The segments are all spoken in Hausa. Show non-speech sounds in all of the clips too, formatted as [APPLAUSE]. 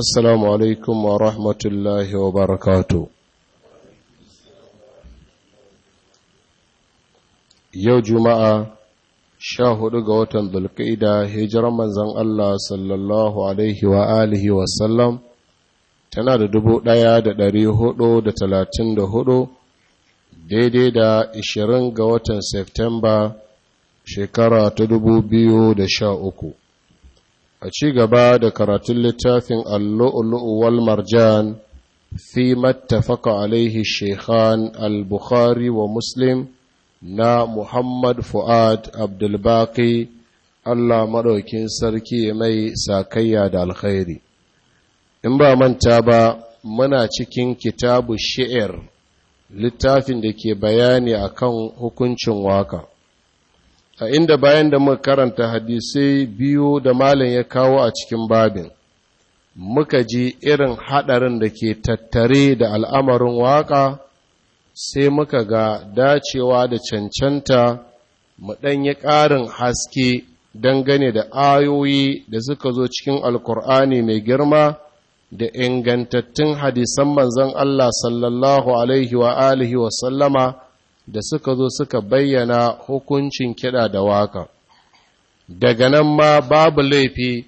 Assalamu alaikum wa rahmatullahi wa barakatu. Yau Juma'a sha hudu ga watan Dulƙida hijiran manzan Allah sallallahu Alaihi wa alihi tana da dubu ɗaya da ɗari huɗu da talatin da huɗu daidai da ishirin ga watan Septemba shekara ta dubu biyu da sha uku. a ci gaba da karatun littafin allu'ulu'u wal marjan fi mattafaka alaihi shekhan al-bukhari wa muslim na muhammad fu'ad abdulbaki allah maɗaukin sarki mai sakayya da alkhairi in ba manta ba muna cikin kitabu shi'ir littafin da ke bayani akan hukuncin waka a inda bayan da muka karanta hadisai biyu da malam ya kawo a cikin babin muka ji irin haɗarin da ke tattare da al'amarin waƙa sai muka ga dacewa da cancanta mu ɗanyi ƙarin haske dangane da ayoyi da suka zo cikin alkur'ani mai girma da ingantattun hadisan manzon Allah sallallahu alaihi wa wa sallama da suka zo suka bayyana hukuncin kiɗa da waka daga nan ma babu laifi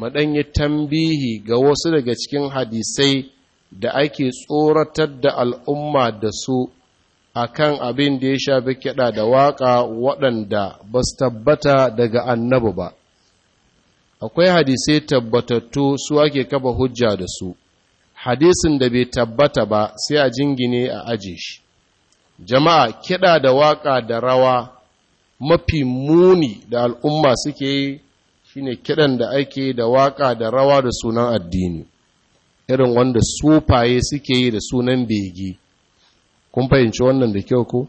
maɗanyi tambihi ga wasu daga cikin hadisai da ake tsoratar da al'umma da su a kan abin da ya shafi kiɗa da waƙa waɗanda ba su tabbata daga annabu ba akwai hadisai tabbatattu su ake kafa hujja da su hadisin da bai tabbata ba sai a jingine a aje shi jama'a kiɗa da waƙa da rawa mafi muni da al'umma suke yi shine kiɗan da ake da waƙa da rawa da sunan addini irin wanda sufaye suke yi da sunan begi kun fahimci wannan da kyau ko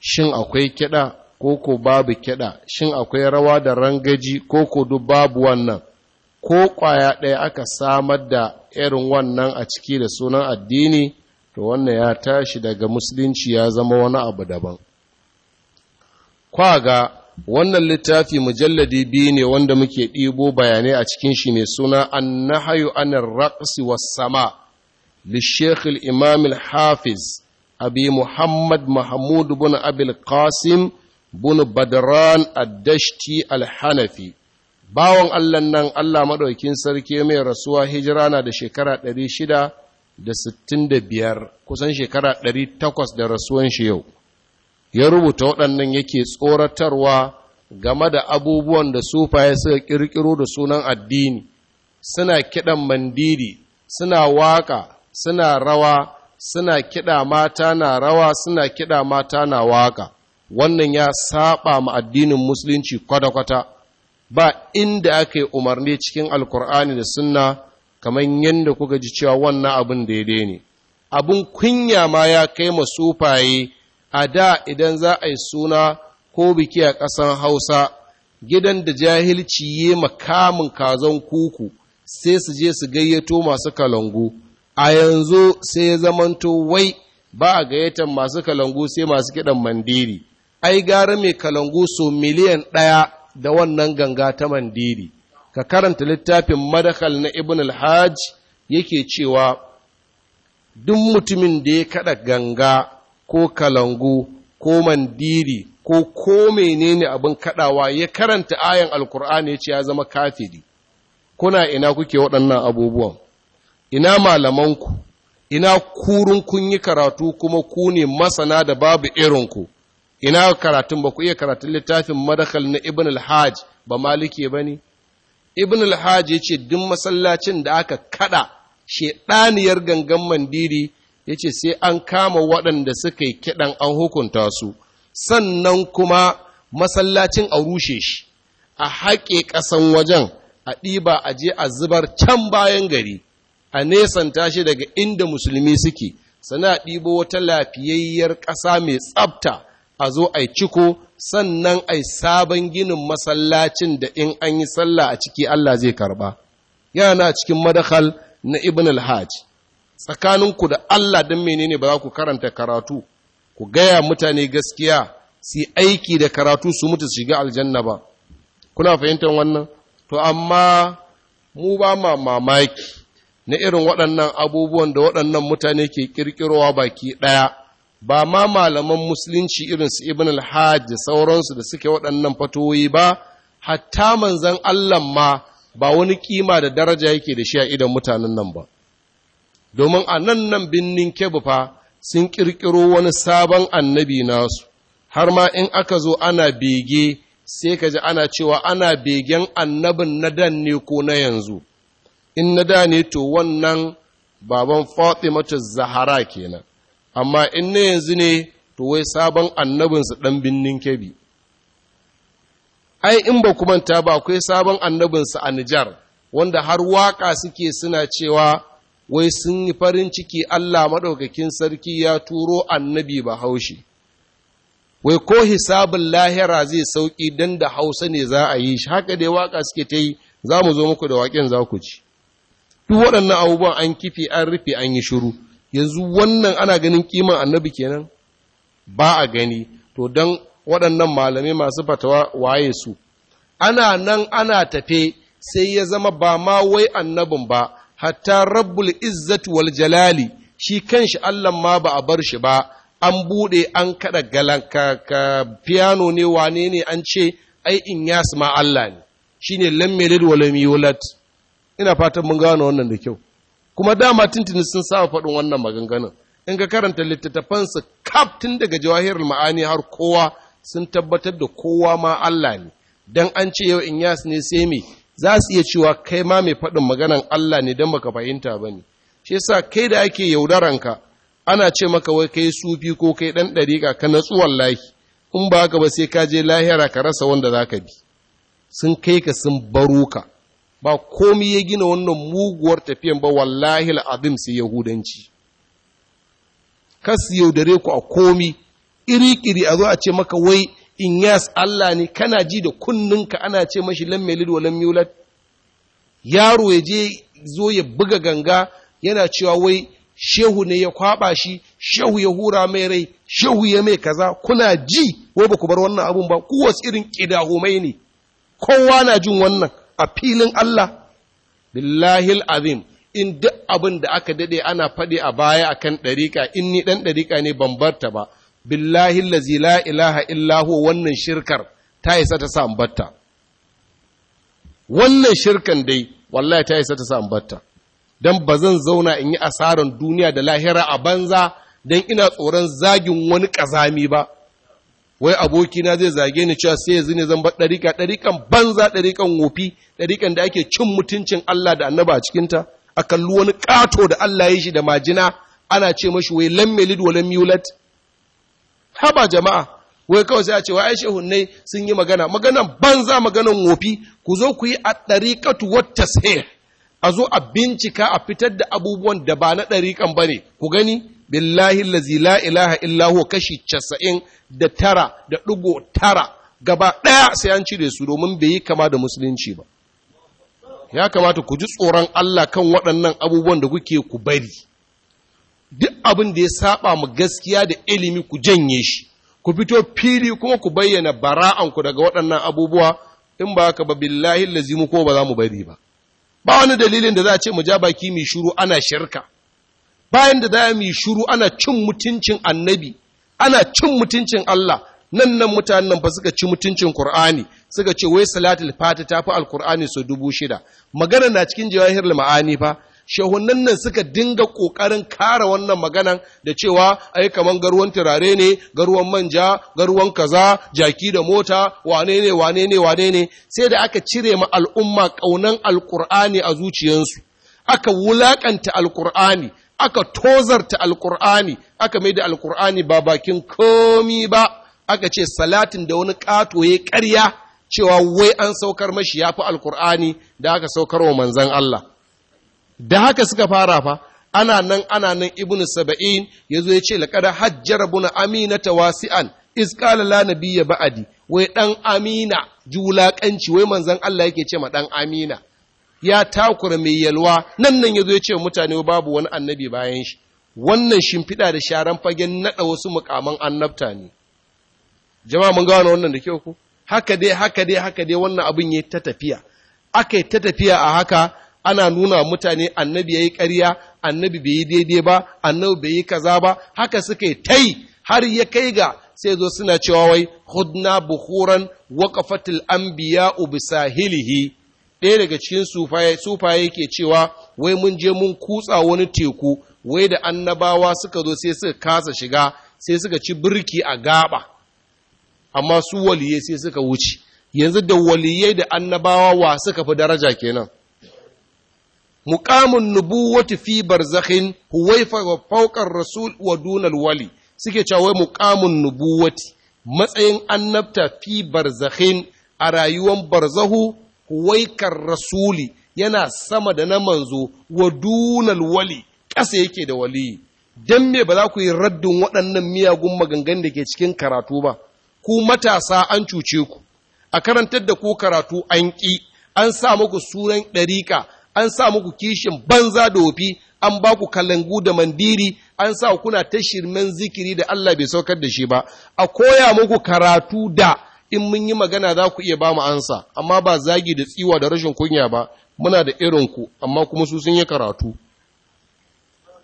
shin akwai kiɗa ko ko babu kiɗa shin akwai rawa da rangaji ko ko duk babu wannan ko ƙwaya ɗaya aka samar da irin wannan a ciki da sunan addini to wannan ya tashi daga musulunci ya zama wani abu daban kwaga wannan littafi mujalladi biyu ne wanda muke ɗibo bayanai a cikin shi mai suna an nahayu anar raqsi was sama للشيخ Hafiz الحافظ أبي محمد محمود بن أبي القاسم بن بدران al-hanafi bawan Allah nan Allah maɗaukin sarki mai rasuwa hijira na da shekara ɗari shida da sittin da biyar kusan shekara ɗari takwas da rasuwan shi yau ya rubuta waɗannan yake tsoratarwa game da abubuwan da sufaye suka ƙirƙiro da sunan addini suna kiɗan mandiri suna waƙa suna rawa suna kiɗa mata na rawa suna kiɗa mata na waƙa wannan ya saba ma addinin musulunci kwata-kwata ba inda aka yi umarni cikin alkur'ani da sunna kamar yadda kuka ji cewa wannan abin daidai ne abin kunya ma ya kai masufaye a da idan za a yi suna ko biki a ƙasan hausa gidan da jahilci ya makamin kazan kuku sai su je su gayyato masu kalangu a yanzu sai ya zamanto wai ba a gayyatar masu kalangu sai masu kiɗan mandiri ai gara mai kalangu so miliyan ɗaya da wannan ganga ta mandiri ka karanta littafin madakal na ibn al-hajj yake cewa duk mutumin da ya kada ganga ko kalangu ko mandiri ko ko menene abin kadawa ya karanta ayan alkur'ani ya ce ya zama kafiri kuna ina kuke waɗannan abubuwan ina malamanku ina kurun kun yi karatu kuma ku ne masana da babu irinku ina karatun ba ku iya karatun littafin madakal na ibn al-hajj ba maliki ba ne ibn al-hajj ya ce duk masallacin da aka kada shedaniyar gangan mandiri ya ce sai an kama waɗanda suka yi kiɗan an hukunta su sannan kuma masallacin a rushe shi a haƙe ƙasan wajen a ɗiba a je a zubar can bayan gari a nesanta shi daga inda musulmi suke sana ɗibo wata lafiyayyar ƙasa mai tsabta a zo a ciko sannan a sabon ginin masallacin da in an yi sallah a ciki Allah zai karba yana cikin madakal na ibn al-hajj tsakaninku da Allah don menene ba za ku karanta karatu ku gaya mutane gaskiya su aiki da karatu su mutu su shiga aljanna ba kuna fahimtar wannan to amma mu ba ma mamaki na irin waɗannan abubuwan da waɗannan mutane ke ƙirƙirowa baki ɗaya ba ma malaman musulunci irin su ibn al-hajj da sauransu da suke waɗannan fatoyi ba hatta manzan Allah ma ba wani kima da daraja yake da shi a idan mutanen nan ba domin a nan nan binnin kebu sun ƙirƙiro wani sabon annabi nasu har ma in aka zo ana bege sai ka ji ana cewa ana begen annabin na dan ne ko na yanzu in na da ne to wannan baban fatimatu zahara kenan amma in na yanzu ne to wai sabon annabinsu ɗan binnin kebi ai in ba kumanta ba akwai sabon annabinsu a nijar wanda har waƙa suke suna cewa wai sun yi farin ciki allah maɗaukakin sarki ya turo annabi ba haushi wai ko hisabin lahira zai sauƙi don da hausa ne za a yi shi haka dai waka suke ta yi za mu zo muku da waƙen za ku ci duk waɗannan abubuwan an kifi an rufe an yi shuru. yanzu wannan ana ganin kiman annabi kenan ba a gani to don waɗannan malamai masu fatawa waye su ana nan ana tafe sai ya zama ba ma wai annabin ba hatta rabbul izzati wal jalali shi kanshi Allah ma ba a bar shi ba an bude an kaɗa galan ka, ka piano ne wane ne an ce ai in yas ma Allah ne shine lam yalid wa ina fatan mun gano wannan da kyau kuma dama tuntuni sun saba faɗin wannan maganganun in ga karanta littattafansa, kaf tun daga jawahirul ma'ani har kowa sun tabbatar da kowa ma Allah ne dan an ce yau in yas ne sai me za su iya cewa kai ma mai faɗin maganan Allah ne dan baka fahimta ba bane shi yasa kai da ake yaudaranka ana ce maka wai kai sufi ko kai ɗan ɗariƙa ka natsu wallahi in ba haka ba sai ka je lahira ka rasa wanda za ka bi sun kai ka sun baro ka ba komi ya gina wannan muguwar tafiyan ba wallahi al'azim sai yahudanci kas yaudare ku a komi iri-iri a zo a ce maka wai in yas Allah ne kana ji da kunninka ana ce mashi lam wa lam yaro ya je zo ya buga ganga yana cewa wai shehu ne ya kwaba shi shehu ya hura mai rai shehu ya mai kaza kuna ji wai ba ku bar wannan abun ba ku wasu irin kidahumai ne kowa na jin wannan a filin Allah billahil azim in duk abin da aka dade ana faɗi a baya akan ɗariƙa in ni ɗan ɗariƙa ne ban barta ba billahi la ilaha illahu wannan shirkar ta isa ta sa wannan shirkan dai wallahi ta isa ta sa Don ba zan zauna in yi asarar duniya da lahira a banza Don ina tsoron zagin wani ƙazami ba wai abokina zai zage ni cewa sai yanzu ne zan bar ɗarika ɗarikan banza ɗarikan wofi ɗarikan da ake cin mutuncin Allah da annaba a cikinta a kalli wani ƙato da Allah ya yi shi da majina ana ce mashi wai lam melid wa lam haba jama'a wai kawai sai a ce wai ai sun yi magana maganan banza maganan wofi ku zo ku yi a ɗariƙatu wat tasih a zo a bincika a fitar da abubuwan da ba na ɗariƙan ba ne ku gani billahi lazi la ilaha illa kashi casa'in da tara da ɗigo tara gaba ɗaya sai an cire su domin bai yi kama da musulunci ba ya kamata ku ji tsoron Allah kan waɗannan abubuwan da kuke ku bari duk abin da ya saba mu gaskiya da ilimi ku janye shi ku fito fili kuma ku bayyana bara'anku daga waɗannan abubuwa in ba haka ba billahi lazimu ko ba za mu bari ba ba wani dalilin da za a ce mu ja baki mai shuru ana shirka bayan da za mu yi shuru ana cin mutuncin annabi ana cin mutuncin Allah nan nan mutanen nan ba suka ci mutuncin Kur'ani suka ce wai salatul fati tafi alqur'ani so dubu shida magana na cikin jawahirul ma'ani fa shehunan nan suka dinga kokarin kara wannan maganan da cewa ai kaman garuwan turare ne garuwan manja garuwan kaza jaki da mota wane ne wane ne wane ne sai da aka cire ma al'umma kaunan alqur'ani a zuciyansu aka wulakanta alqur'ani aka tozarta alkur'ani aka mai da alkur'ani ba bakin komi ba aka ce salatin da wani ƙato ya karya cewa wai an saukar mashi ya fi alkur'ani da aka saukar wa manzan Allah da haka suka fara fa ana nan ana nan ibn saba'in ya zo ya ce laƙada hajjar buna amina ta wasi'an iskala la nabiyya ba'adi wai ɗan amina julaƙanci wai manzan Allah yake ce ma ɗan amina ya takura mai yalwa nan nan ya zo ya ce mutane babu wani annabi bayan shi wannan shimfiɗa da sharan fagen naɗa wasu mukaman annabta ne jama'a mun gano wannan da kyau ku haka dai haka dai haka dai wannan abin ya ta tafiya aka ta tafiya a haka ana nuna mutane annabi ya yi ƙarya annabi bai yi daidai ba annabi bai yi kaza ba haka suka yi tai har ya kai ga sai zo suna cewa wai hudna buhuran waqafatil anbiya'u bisahilihi ɗaya daga cikin sufaye sufaye yake cewa wai mun je mun kutsa wani teku wai da annabawa suka zo sai suka kasa shiga sai suka ci birki a gaba amma su waliyai sai suka wuce yanzu da waliyai da annabawa wa suka fi daraja kenan muqamun nubuwati fi barzakhin huwaifa wa fawqar rasul wa dunal wali suke cewa wai muqamun nubuwati matsayin annabta fi barzakhin a rayuwar barzahu waikar rasuli yana sama da na manzo wa dunal wali ƙasa yake da wali don me ba za ku yi raddin waɗannan miyagun magangan da ke cikin karatu ba ku matasa an cuce ku a karantar da ku karatu an ƙi an sa muku sunan ɗariƙa an sa muku kishin banza da wofi an ba ku kalangu da mandiri an sa kuna ta shirmen zikiri da Allah bai saukar da shi ba a koya muku karatu da in mun yi magana za ku iya ba mu ansa amma ba zagi da tsiwa da rashin kunya ba muna da irin ku amma kuma su sun yi karatu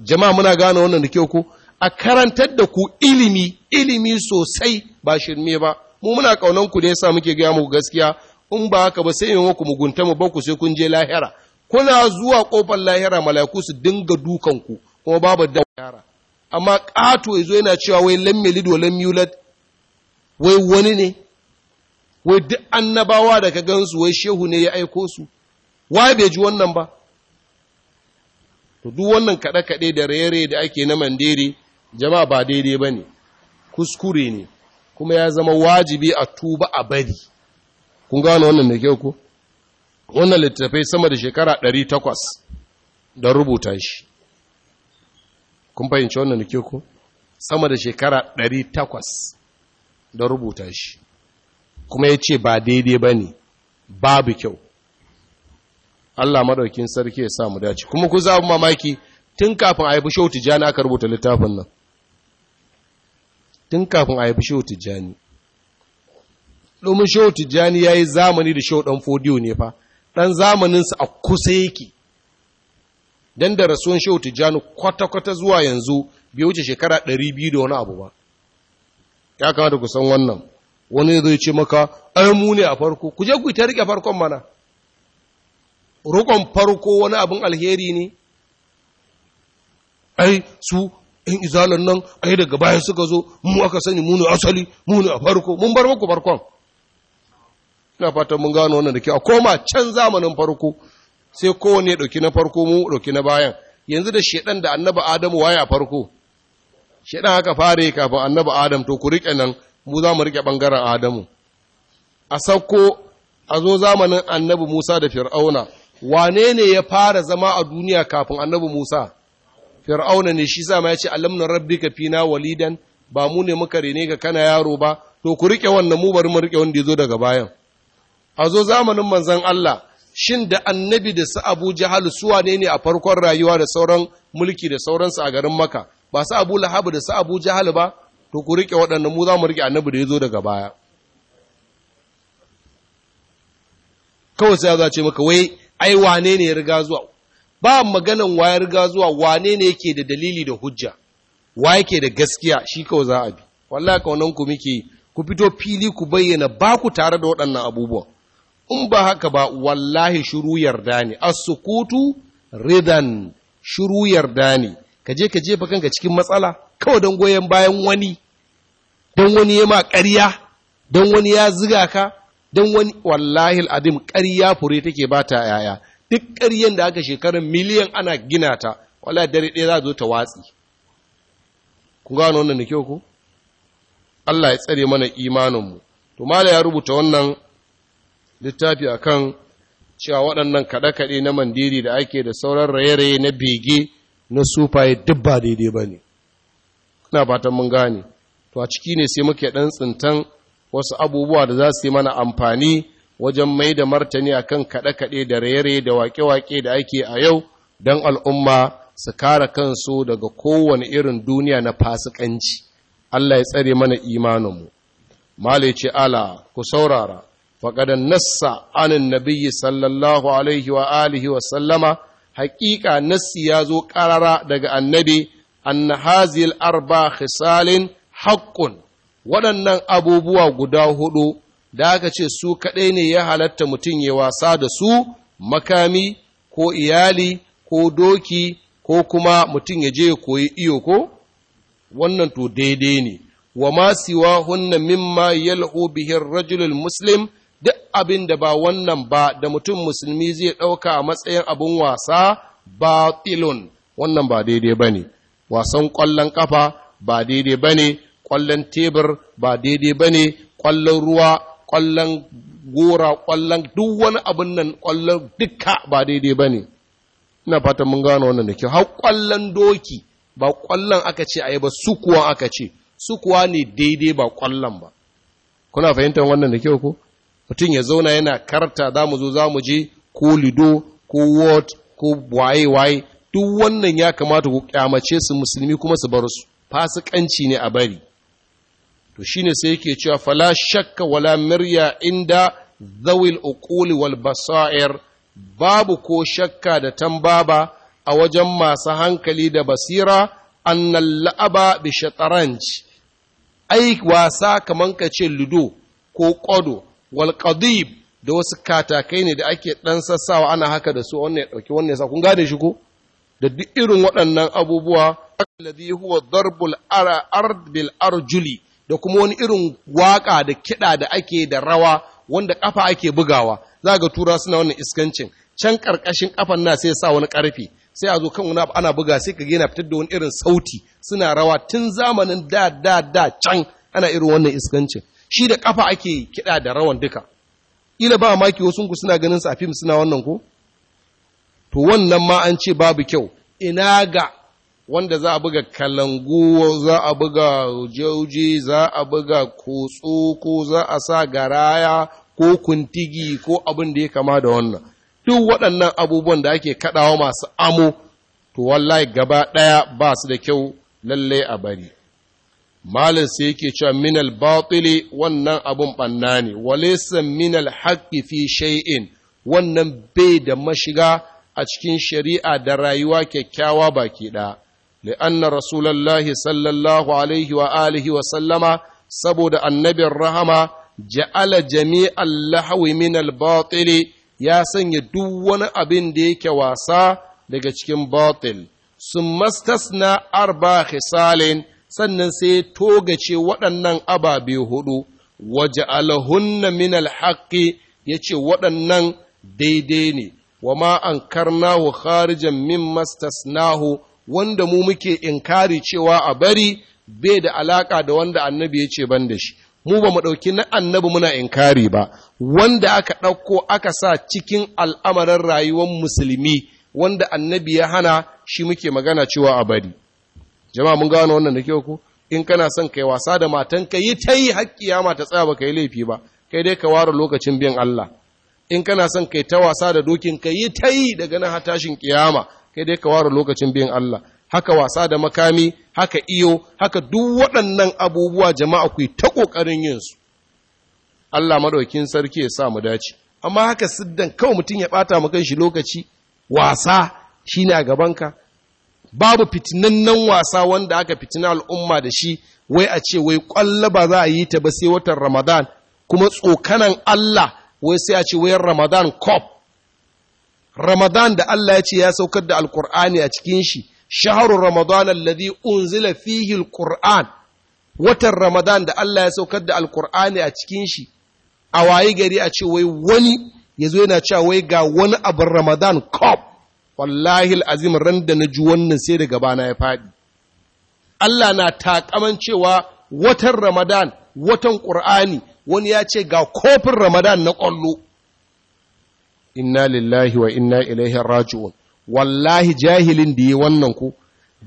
jama'a muna gane wannan da kyau ku a karantar da ku ilimi ilimi sosai ba shirme ba mu muna kaunan ku da yasa muke gaya muku gaskiya in ba haka ba sai mu ku mugunta mu ku sai kun je lahira kuna zuwa kofar lahira malaiku su dinga dukan ku kuma babu da yara amma kato yazo yana cewa wai lammi yalid wa wai wani ne wai duk annabawa da ka gansu wai shehu ne ya aiko su wa bai ji wannan ba to duk wannan kaɗe-kaɗe da rere da ake na mandere jama'a ba daidai ba ne kuskure ne kuma ya zama wajibi a tuba a bari kun gano wannan da kyau ku? wannan littattafai sama da shekara 800 don rubuta shi kun fahimci wannan da kyau ku? sama da shekara 800 don rubuta shi kuma ya ce ba daidai ba ne babu kyau Allah maɗaukin sarki ya samu dace kuma ku za mamaki tun kafin a fi shehu tijjani aka rubuta littafin nan tun kafin a yabi shehu tijjani domin shehu tijjani ya yi zamani da shehu ɗan fodiyo ne fa ɗan zamaninsa a kusa yake don da rasuwan shehu tijjani kwata-kwata zuwa yanzu bai wuce shekara 200 da wani abu ba ya kamata ku san wannan wani zai ce maka ai muni ne a farko ku je ku ta rike farkon mana roƙon farko wani abin alheri ne ai su in izalan nan ai daga bayan suka zo mu aka sani mu ne asali mu ne a farko mun bar muku farkon ina fatan mun gano wannan da ke a koma can zamanin farko sai kowane ɗauki na farko mu ɗauki na bayan yanzu da shedan da annaba adamu waye a farko shedan haka fare kafin annaba adam to ku riƙe nan mu za mu riƙe ɓangaren adamu a sauko a zo zamanin annabi musa da fir'auna wane ne ya fara zama a duniya kafin annabi musa fir'auna ne shi sama ya ce alamna rabbika fina walidan ba mu ne muka rene ka kana yaro ba to ku riƙe wannan mu bari mu riƙe wanda ya zo daga bayan a zo zamanin manzon Allah shin da annabi da su Abu Jahal su wane ne a farkon rayuwa da sauran mulki da sauransu a garin Makka ba su Abu Lahab da su Abu Jahal ba to ku riƙe waɗannan mu za mu riƙe annabi da ya zo daga baya kawai sai za ce maka wai ai wane ne ya riga zuwa ba maganan wa ya riga zuwa wane ne yake da dalili da hujja wa yake da gaskiya shi kawai za a bi wallahi kaunan ku muke ku fito fili ku bayyana ba ku tare da waɗannan abubuwan in ba haka ba wallahi shiru yarda ne as ridan shiru yarda ne kaje ka jefa kanka cikin matsala kawai don goyon bayan wani don wani ya ma ƙarya don wani ya ziga ka don wani wallahi adim ƙarya fure take ba ta yaya duk ƙaryan da aka shekarun miliyan ana gina ta wallahi dare ɗaya za zo ta watsi ku gano wannan da kyau ku Allah ya tsare mana imaninmu to mala ya rubuta wannan littafi a kan cewa waɗannan kaɗe-kaɗe na mandiri da ake da sauran raye-raye na bege na sufaye duk ba daidai ba ne ina fatan mun gane to a ciki ne sai muke dan tsintan wasu abubuwa da za su yi mana amfani wajen mai da martani akan kaɗe-kaɗe da raye da wake-wake da ake a yau don al'umma su kara kansu daga kowane irin duniya na fasikanci Allah ya tsare mana imaninmu malai ce ala ku saurara faƙadan nassa anin nabiyyi sallallahu alaihi wa alihi wa sallama haƙiƙa nassi ya zo ƙarara daga annabi Anna hazil arba khisalin haƙƙun waɗannan abubuwa guda hudu da aka ce su kaɗai ne ya halatta mutum ya wasa da su makami ko iyali ko doki ko kuma mutum ya je ya koyi iyo ko wannan to daidai ne wa ma siwa hunna mimma yalhu bihi rajulul muslim duk abin da ba wannan ba da mutum musulmi zai ɗauka a matsayin abin wasa ba tilon wannan ba daidai ba ne wasan ƙwallon ƙafa ba daidai ba ne ƙwallon tebur ba daidai ba ne ƙwallon ruwa ƙwallon gora ƙwallon duk wani abin nan ƙwallon dukka ba daidai ba ne ina fata mun gano wannan da kyau har ƙwallon doki ba ƙwallon aka ce a yi ba sukuwa aka ce sukuwa ne daidai ba ƙwallon ba kuna fahimtar wannan da kyau ko mutum ya zauna yana karta za mu zo za mu je ko lido ko Wot ko waye waye duk wannan ya kamata ku kyamace su musulmi kuma su bar su fasikanci ne a bari to shine sai yake cewa fala shakka wala mirya inda zawil uquli wal basair babu ko shakka da tambaba a wajen masu hankali da basira annal la'aba bi shataranj ai wasa kaman ka ce ludo ko ƙwado wal da wasu katakai ne da ake ɗan sassawa ana haka da su wannan ya dauki wannan ya sa kun gane shi ko da duk irin waɗannan abubuwa alladhi huwa darbul ard arjuli da kuma wani irin waka da kiɗa da ake da rawa wanda ƙafa ake bugawa za ga tura suna wannan iskancin can ƙarƙashin ƙafan na sai sa wani ƙarfi sai a zo kan wani ana buga sai ka gina fitar da wani irin sauti suna rawa tun zamanin da da da can ana irin wannan iskancin shi da ƙafa ake kiɗa da rawan duka ila ba maki wasu suna ganin sa fim suna wannan ko to wannan ma an ce babu kyau ina ga wanda za a buga kalangu za a buga jauji za a buga kotso ko za a sa garaya ko kuntigi ko abin da ya kama da wannan duk waɗannan abubuwan da ake kaɗawa masu amo to wallahi gaba ɗaya ba su da kyau lalle a bari malin sai yake cewa minal batili wannan abun ɓanna ne walaysa minal haƙƙi fi shay'in wannan bai da mashiga a cikin shari'a da rayuwa kyakkyawa baki ɗaya. li'anna rasulallahi sallallahu alaihi wa alihi wa sallama saboda annabin rahama ja'ala jami'an lahawi min al ya sanya duk wani abin da yake wasa daga cikin batil sun na arba khisalin sannan sai togace waɗannan ababe hudu waje alhunna min alhaƙi ya ce waɗannan daidai ne wa ma an karnahu kharijan min mastasnahu wanda mu muke inkari cewa a bari bai da alaka da wanda annabi ya ce ban da shi mu ba mu ɗauki na annabi muna inkari ba wanda aka ɗauko aka sa cikin al'amarin rayuwar musulmi wanda annabi ya hana shi muke magana cewa a bari jama'a mun gano wannan da kyau in kana son kai wasa da matan ka yi ta yi haƙƙi mata tsaya ba yi laifi ba kai dai ka ware lokacin biyan Allah in kana son kai ta wasa da dokin ka yi ta yi daga nan har tashin kiyama kai dai ka ware lokacin biyan Allah haka wasa da makami haka iyo haka duk waɗannan abubuwa jama'a ku ta ƙoƙarin yin su Allah madaukin sarki ya sa mu dace amma haka siddan kawai mutum ya bata mu shi lokaci wasa shine a gaban ka. babu fitinannen wasa wanda aka fitina al'umma da shi wai a ce wai ƙwallo ba za a yi ta ba sai watan Ramadan kuma tsokanan Allah wai sai a ce wai ramadan cop ramadan da Allah ya ce ya saukar da alkur'ani a cikin shi shaharu ramadan alladhi unzila fihi alquran watan ramadan da Allah ya saukar da alkur'ani a cikin shi a waye gari a ce wai wani ya zo yana cewa wai ga wani abin ramadan cop wallahi azim ran da na ji wannan sai da bana ya faɗi Allah na takaman cewa watan Ramadan, watan Ƙur'ani, wani ya ce ga kofin ramadan na ƙwallo inna lillahi wa inna ilaihi raji'un wallahi jahilin da ya wannan ku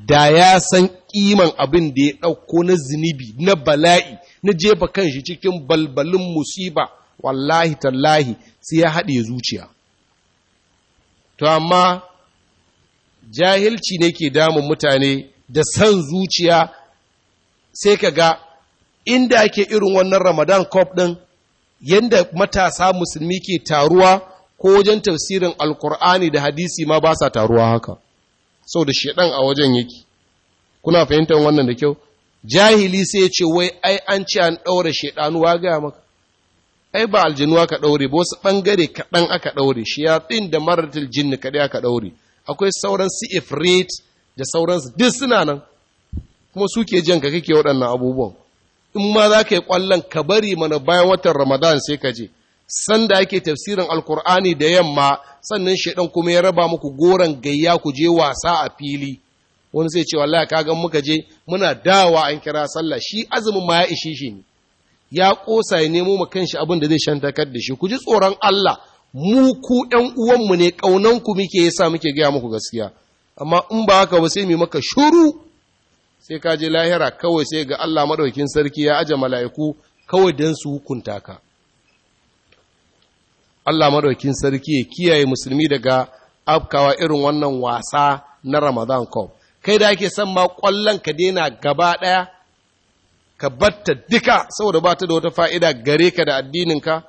da ya san ƙiman abin da ya ɗauko na zinibi na bala'i na jefa kanshi cikin balbalin musiba wallahi tallahi sai ya haɗe zuciya to amma jahilci ne ke damun mutane da san zuciya sai ka ga inda ake irin wannan Ramadan Cup ɗin, yadda matasa musulmi ke taruwa ko wajen tafsirin Alkur'ani da hadisi ma ba sa taruwa haka, sau da shaɗan a wajen yake. Kuna fahimtar wannan da kyau? Jahili sai ce wai ai an ce an ɗaure wa gaya maka. Ai ba aljinuwa ka ɗaure, ba wasu ɓangare kaɗan aka ɗaure, ɗin da maratil jinni kaɗai aka ɗaure. Akwai sauran su ifrit da sauransu duk suna nan, kuma suke jan ka kake waɗannan abubuwan. in ma za ka yi ƙwallon ka bari mana bayan watan ramadan sai ka je sanda ake tafsirin alkur'ani da yamma sannan shaidan kuma ya raba muku goron gayya ku je wasa a fili wani zai ce wallahi ka ga muka je muna dawa an kira sallah shi azumin ma ya ishe shi ne ya kosa ya nemo ma kanshi abin da zai shantakar da shi ku ji tsoron Allah mu ku ƴan uwanmu ne ƙaunanku muke yasa muke gaya muku gaskiya amma in ba haka ba sai mu maka shuru sai ka je lahira kawai sai ga Allah madaukin sarki ya aje mala'iku kawai dan su hukunta ka Allah madaukin sarki ya kiyaye musulmi daga afkawa irin wannan wasa na Ramadan Cup kai da ake san ma kwallon ka daina gaba ɗaya ka batta duka saboda ba ta da wata fa'ida gare ka da ka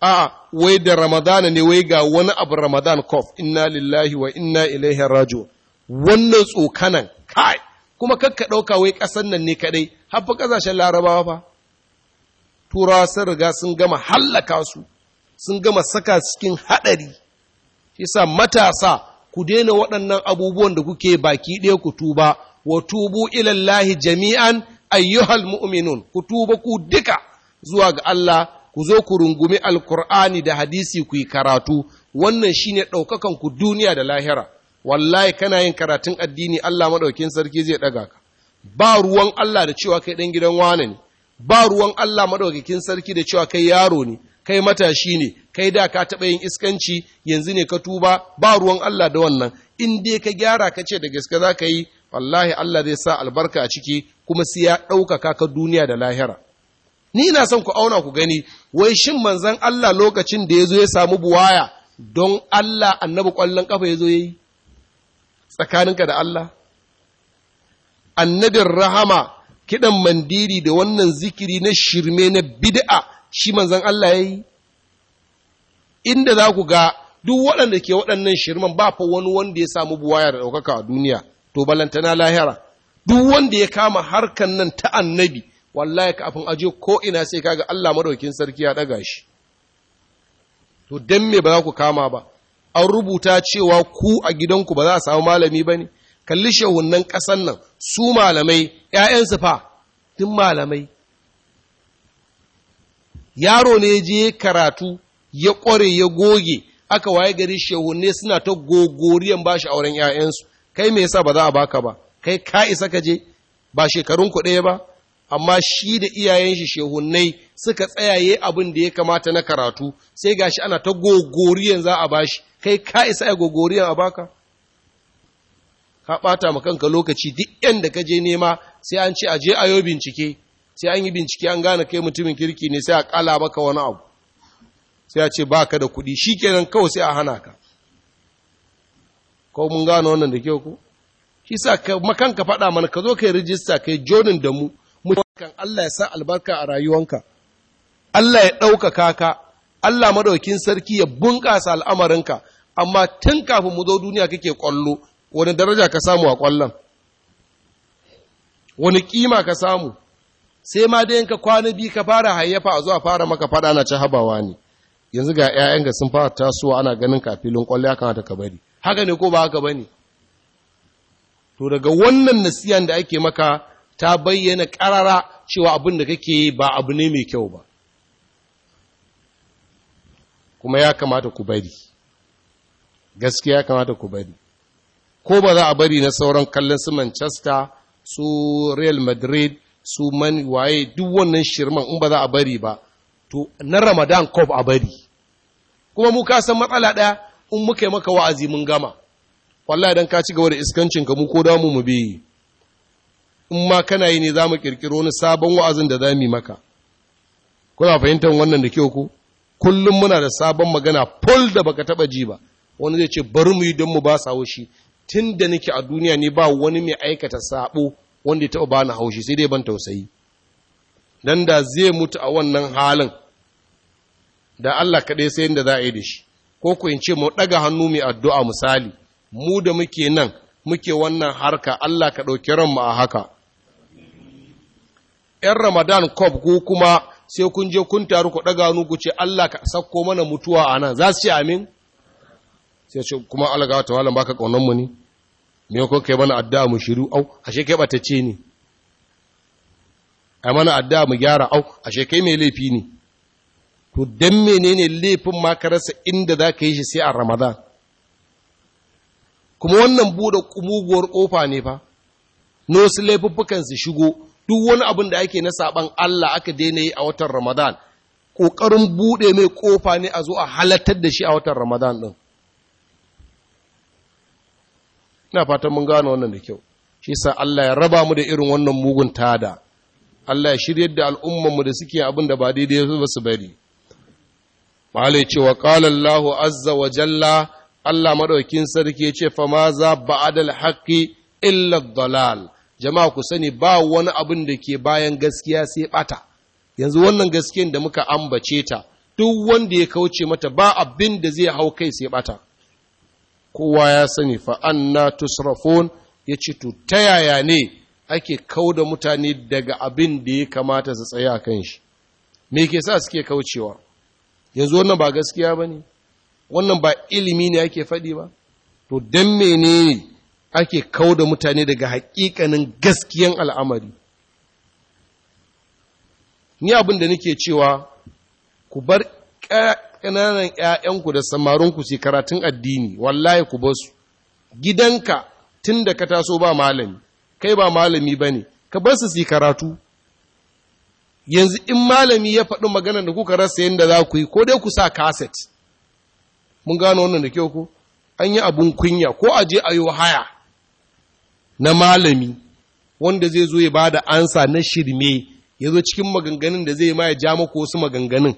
a'a wai da Ramadana ne wai ga wani abu Ramadan kof, inna lillahi wa inna ilaihi raji'un wannan tsokanan kai kuma kakka ɗauka wai ƙasan nan ne kaɗai haffa ƙasashen larabawa ba. turawa sun riga sun gama hallaka su sun gama saka cikin haɗari shi sa matasa ku daina waɗannan abubuwan da kuke baki ɗaya ku tuba wa tubu ilallahi jami'an ayyuhal mu'minun ku tuba ku duka zuwa ga Allah ku zo ku rungumi alkur'ani da hadisi ku yi karatu wannan shine ɗaukakan ku duniya da lahira wallahi kana yin karatun addini Allah madaukin sarki zai daga ka ba ruwan Allah da cewa kai dan gidan wane ne ba ruwan Allah maɗaukakin sarki da cewa kai yaro ne kai matashi ne kai da ka taba yin iskanci yanzu ne ka tuba ba ruwan Allah da wannan in dai ka gyara ka ce da gaske za ka yi wallahi Allah zai sa albarka a ciki kuma sai ya ɗaukaka ka duniya da lahira ni ina son ku auna ku gani wai shin manzon Allah lokacin da ya zo ya samu buwaya don Allah annabi kwallon kafa yazo yayi tsakaninka da Allah annabin rahama kiɗan mandiri da wannan zikiri na shirme na bid'a shi manzan Allah ya yi inda za ku ga duk waɗanda ke waɗannan shirman ba fa wani wanda ya samu buwaya da ɗaukaka a duniya to balantana lahira duk wanda ya kama harkan nan ta annabi wallahi kafin aje ko ina sai kaga Allah madaukin sarki ya ɗaga shi to dan me ba za ku kama ba an rubuta cewa ku a gidanku ba za a samu malami ba ne kalli shehunan ƙasan nan su malamai ‘ya'yansu fa tun malamai yaro ne je karatu ya ƙware ya goge aka waye gari shehunne suna ta gogoriyan ba shi auren ‘ya'yansu kai me yasa ba za a baka ba kai ka isa ka je ba shekarun ku ɗaya ba amma shi da iyayen shi shehunnai suka tsayaye abin da ya kamata na karatu sai gashi ana ta gogoriyan za a bashi kai ka isa ya gogoriyan a baka ka bata ma kanka lokaci duk yanda ka je nema sai an ce a je ayo bincike sai an yi bincike an gane kai mutumin kirki ne sai a kala maka wani abu sai a ce baka da kuɗi shikenan kawai sai a hana ka ko mun gane wannan da kyau ko shi sa ka makanka faɗa mana ka zo kai rijista kai jonin da mu kan Allah ya sa albarka a rayuwanka, Allah ya ɗaukaka ka, Allah maɗaukin sarki ya bunƙasa al'amarinka, amma tun kafin mu zo duniya kake ƙwallo, wani daraja ka samu a ƙwallon, wani ƙima ka samu, sai ma da ka kwana biyu ka fara hayyafa a zuwa fara maka faɗa na ci habawa ne, yanzu ga ‘ya'yan ga sun fara tasowa ana ganin ka filin ƙwallo ya kamata ka bari, haka ne ko ba haka ba ne? To daga wannan nasiyan da ake maka ta bayyana ƙarara cewa abin da kake ba abu ne mai kyau ba kuma ya kamata ku bari gaskiya ya kamata ku bari ko ba za a bari na sauran kallon su manchester su real madrid su man waye duk wannan shirman in ba za a bari ba to na ramadan cup a bari kuma mu ka san matsala ɗaya in muka yi maka wa'azi mun gama wallahi dan ka ci gaba da iskancin ka mu ko damu mu bi in ma kana yi ne za mu ƙirƙiro wani sabon wa'azin da za mu yi maka kuna fahimtar wannan da kyau ku. kullum muna da sabon magana fol da baka taɓa ji ba wani zai ce bari mu yi don mu ba sa haushi tun da nake a duniya ne ba wani mai aikata sabo wanda ya taɓa bani haushi sai dai ban tausayi dan da zai mutu a wannan halin da Allah kaɗai sai yadda za a yi da shi ko ku in ce mu ɗaga hannu mai addu'a misali mu da muke nan muke wannan harka Allah ka ɗauki ranmu a haka ‘yan Ramadan Cup ko kuma sai kun je kun taru ku ɗaga hannu ku ce Allah ka sakko mana mutuwa a nan, za su ce amin? Sai ce kuma Allah ga ba ka ƙaunar ƙaunanmu ne, me ko kai mana addu'a mu shiru au, ashe kai ɓata ce ne. A mana addu'a mu gyara au, ashe kai mai laifi ne. To dan menene laifin ma ka rasa inda za ka yi shi sai a Ramadan? Kuma wannan buɗe muguwar ƙofa ne fa, na wasu laifuffukan su shigo, duk wani abin da ake na saban Allah aka daina yi a watan Ramadan ƙoƙarin buɗe mai ƙofa ne a zo a halattar da shi a watan Ramadan ɗin. Ina fatan mun gano wannan da kyau, shi sa Allah ya raba mu da irin wannan mugun tada, Allah ya shirya da mu da suke abin da ba daidai ba su bari. Mahalai cewa ƙalallahu azza wa jalla Allah maɗaukin sarki ce fa ma za ba'adal haƙƙi illa dalal. jama'a ku sani ba wani abin da ke bayan gaskiya sai bata yanzu wannan gaskiyar da muka ambace ta duk wanda ya kauce mata ba abin da zai hau kai sai bata kowa ya sani fa anna tusrafun ya ce to ta yaya ne ake kau da mutane daga abin da ya kamata su tsaya kan shi me ke sa suke kaucewa yanzu wannan ba gaskiya ba ne wannan ba ilimi ne ake faɗi ba to don menene ake kau da mutane daga hakikanin gaskiyan al'amari ni abin da nake cewa ku bar ƙananan ‘ya'yanku da samarinku su karatun addini wallahi ku basu gidanka tun da ka taso ba malami kai ba malami ba ne ka bar su karatu yanzu in malami ya faɗi magana da kuka rasa yadda za ku yi ko dai ku sa kaset mun gano wannan da kyau ko an yi abun kunya ko a je a yi haya na malami wanda zai zo ya ba da ansa na shirme ya zo cikin maganganun da zai ma ya ja mako wasu maganganun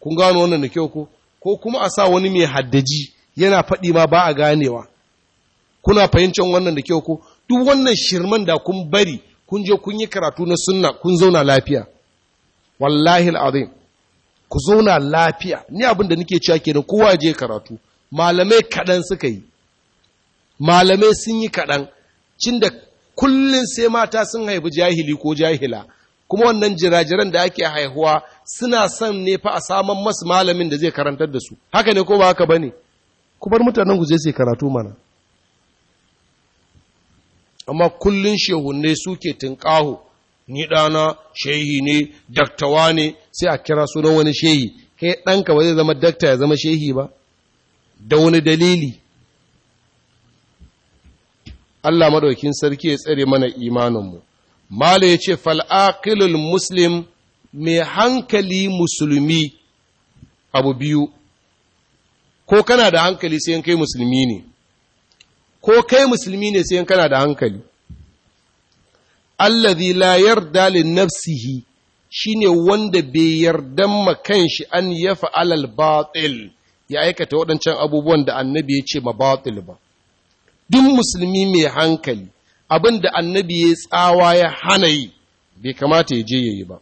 kun gano wannan da kyau ko kuma a sa wani mai haddaji yana faɗi ma ba a ganewa kuna fahimtar wannan da kyau ko duk wannan shirman da kun bari kun je kun yi karatu na sunna kun zauna lafiya wallahi al'azim ku zauna lafiya ni abin da nake cewa kenan kowa je karatu malamai kaɗan suka yi malamai sun yi kaɗan cin da kullum sai mata sun haifi jahili ko jahila kuma wannan jirajiran da ake haihuwa suna son ne fa a saman masu malamin da zai karantar da su haka ne ko ba haka bane ku bar mutanen ku je su karatu mana amma kullun shehunne suke tunƙaho ni ɗana shehi ne daktawa ne sai a kira sunan wani shehi kai ɗanka ba zai zama dakta ya zama shehi ba da wani dalili Allah maɗaukin sarki ya tsare mana imaninmu mala ya ce fal'aqilul muslim mai hankali musulmi abu biyu ko kana da hankali sai kai musulmi ne ko kai musulmi ne sai kana da hankali allazi la yarda li nafsihi shine wanda bai yarda ma kanshi an yafa alal batil ya aikata waɗancan abubuwan da annabi ya ce ma batil ba duk musulmi mai hankali abin da annabi ya tsawa ya hana yi bai kamata ya je ya yi ba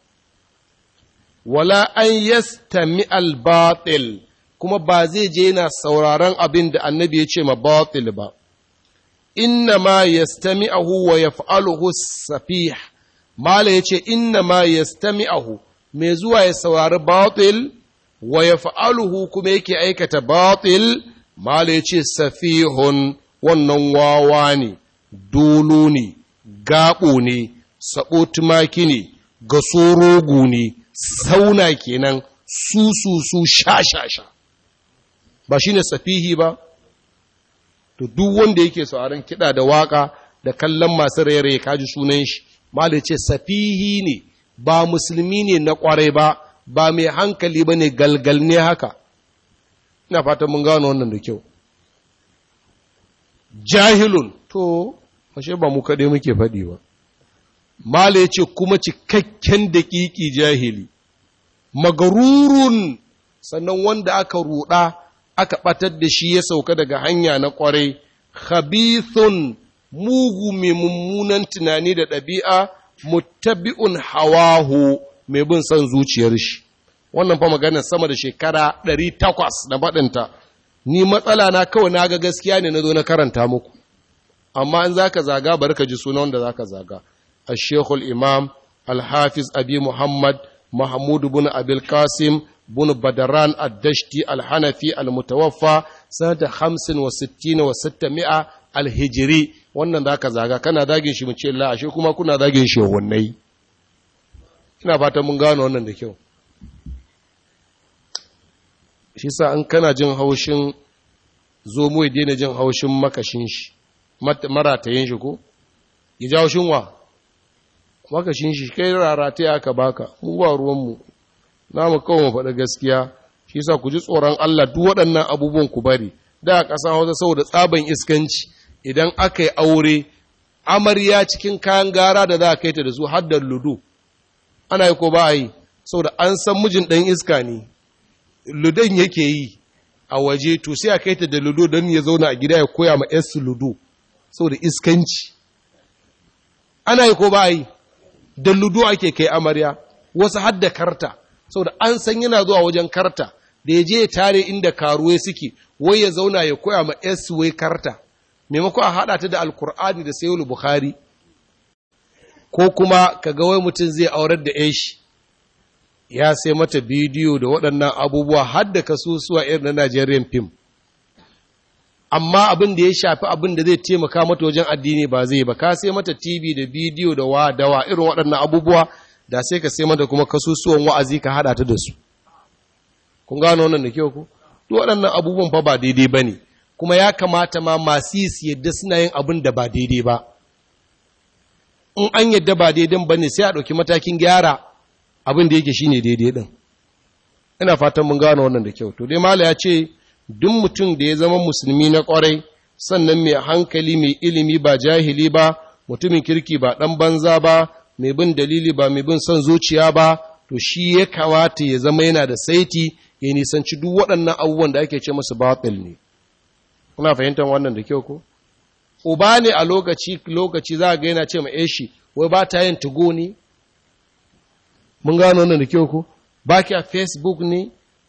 wala an yastami al-batil kuma ba zai je yana sauraron abin da annabi ya ce ma batil ba inna ma ahu wa yaf'aluhu safih mala yace inna ma ahu, mai zuwa ya saurari batil wa yaf'aluhu kuma yake aikata batil mala yace safihun wannan wawa ne dolo ne gaɓo ne saɓo tumaki ne gaso rogo ne sauna kenan su su su sha sha sha ba shine safihi ba to duk wanda yake sauran kiɗa da waƙa da kallon masu raye kaji sunan shi malai ce safihi ne ba musulmi ne na ƙwarai ba ba mai hankali ba ne galgal ne haka ina fatan mun gano wannan da kyau jahilun to ashe ba mu kaɗai muke faɗi ba mala ya ce kuma cikakken daƙiƙi jahili magarurun sannan wanda aka ruɗa aka ɓatar da shi ya sauka daga hanya na ƙwarai khabithun mugu mai mummunan tunani da ɗabi'a mutabi'un hawahu mai bin son zuciyar shi wannan fa magana sama da shekara ɗari 800 da baɗinta. ni matsala na kawai na ga gaskiya ne na zo na karanta muku amma in zaka zaga bari ka ji suna wanda zaka zaga ashekul imam alhafiz abi muhammad mahmud bin abil qasim bin badaran ad-dashti al-hanafi al-mutawaffa sanata 65 wa 600 al-hijri wannan zaka zaga kana zagin shi mu ce ashe kuma kuna zagin shi wannan ina fatan mun gano wannan da kyau shi sa an kana jin haushin zo ya daina jin haushin makashin shi maratayin shi ko ya ji haushin wa makashin shi kai rarata ka baka mu ba ruwanmu na mu kawo mu faɗa gaskiya shi sa ku ji tsoron Allah duk waɗannan abubuwan ku bari da ƙasa hausa saboda tsaban iskanci idan aka yi aure amarya cikin kayan gara da za a kai ta da su haddar ludo ana yi ko ba a yi saboda an san mijin ɗan iska ne ludon yake yi a waje to sai a kaita da ludo don ya zauna a gida ya koya ma yarsu ludo saboda iskanci ana yi ko ba yi da ludo ake kai amarya wasu hadda karta saboda an san yana zuwa wajen karta da ya je ya tare inda karuwe suke wai ya zauna ya koya ma yarsu wai karta maimako a haɗa ta da alkur'ani da sayul bukhari ko kuma ka ga wai mutum zai aurar da 'yan shi ya sai mata bidiyo da waɗannan abubuwa hadda kasusuwa irin na Najeriya fim. Amma abin da ya shafi abin da zai taimaka mata wajen addini ba zai ba, ka sai mata TV da bidiyo da wa wa irin waɗannan abubuwa da sai ka sai mata kuma kasusuwan wa'azi ka haɗa ta da su. Kun gano wannan da kyau ku? Duk waɗannan abubuwan fa ba daidai ba ne, kuma ya kamata ma masu yi yadda suna yin abin da ba daidai ba. In an yadda ba daidai ba ne sai a ɗauki matakin gyara abin da yake ne daidai din ina fatan mun gano wannan da kyau to dai mala ya ce duk mutum da ya zama musulmi na kwarai sannan mai hankali mai ilimi ba jahili ba mutumin kirki ba dan banza ba mai bin dalili ba mai bin son zuciya ba to shi ya kamata ya zama yana da saiti ya nisanci duk waɗannan abubuwan da ake ce masu batil ne kuna fahimtar wannan da kyau ko uba ne a lokaci lokaci za ga yana ce ma eshi wai ba ta yin tugo ne mun gano wannan da kyau ko ba ki a facebook ne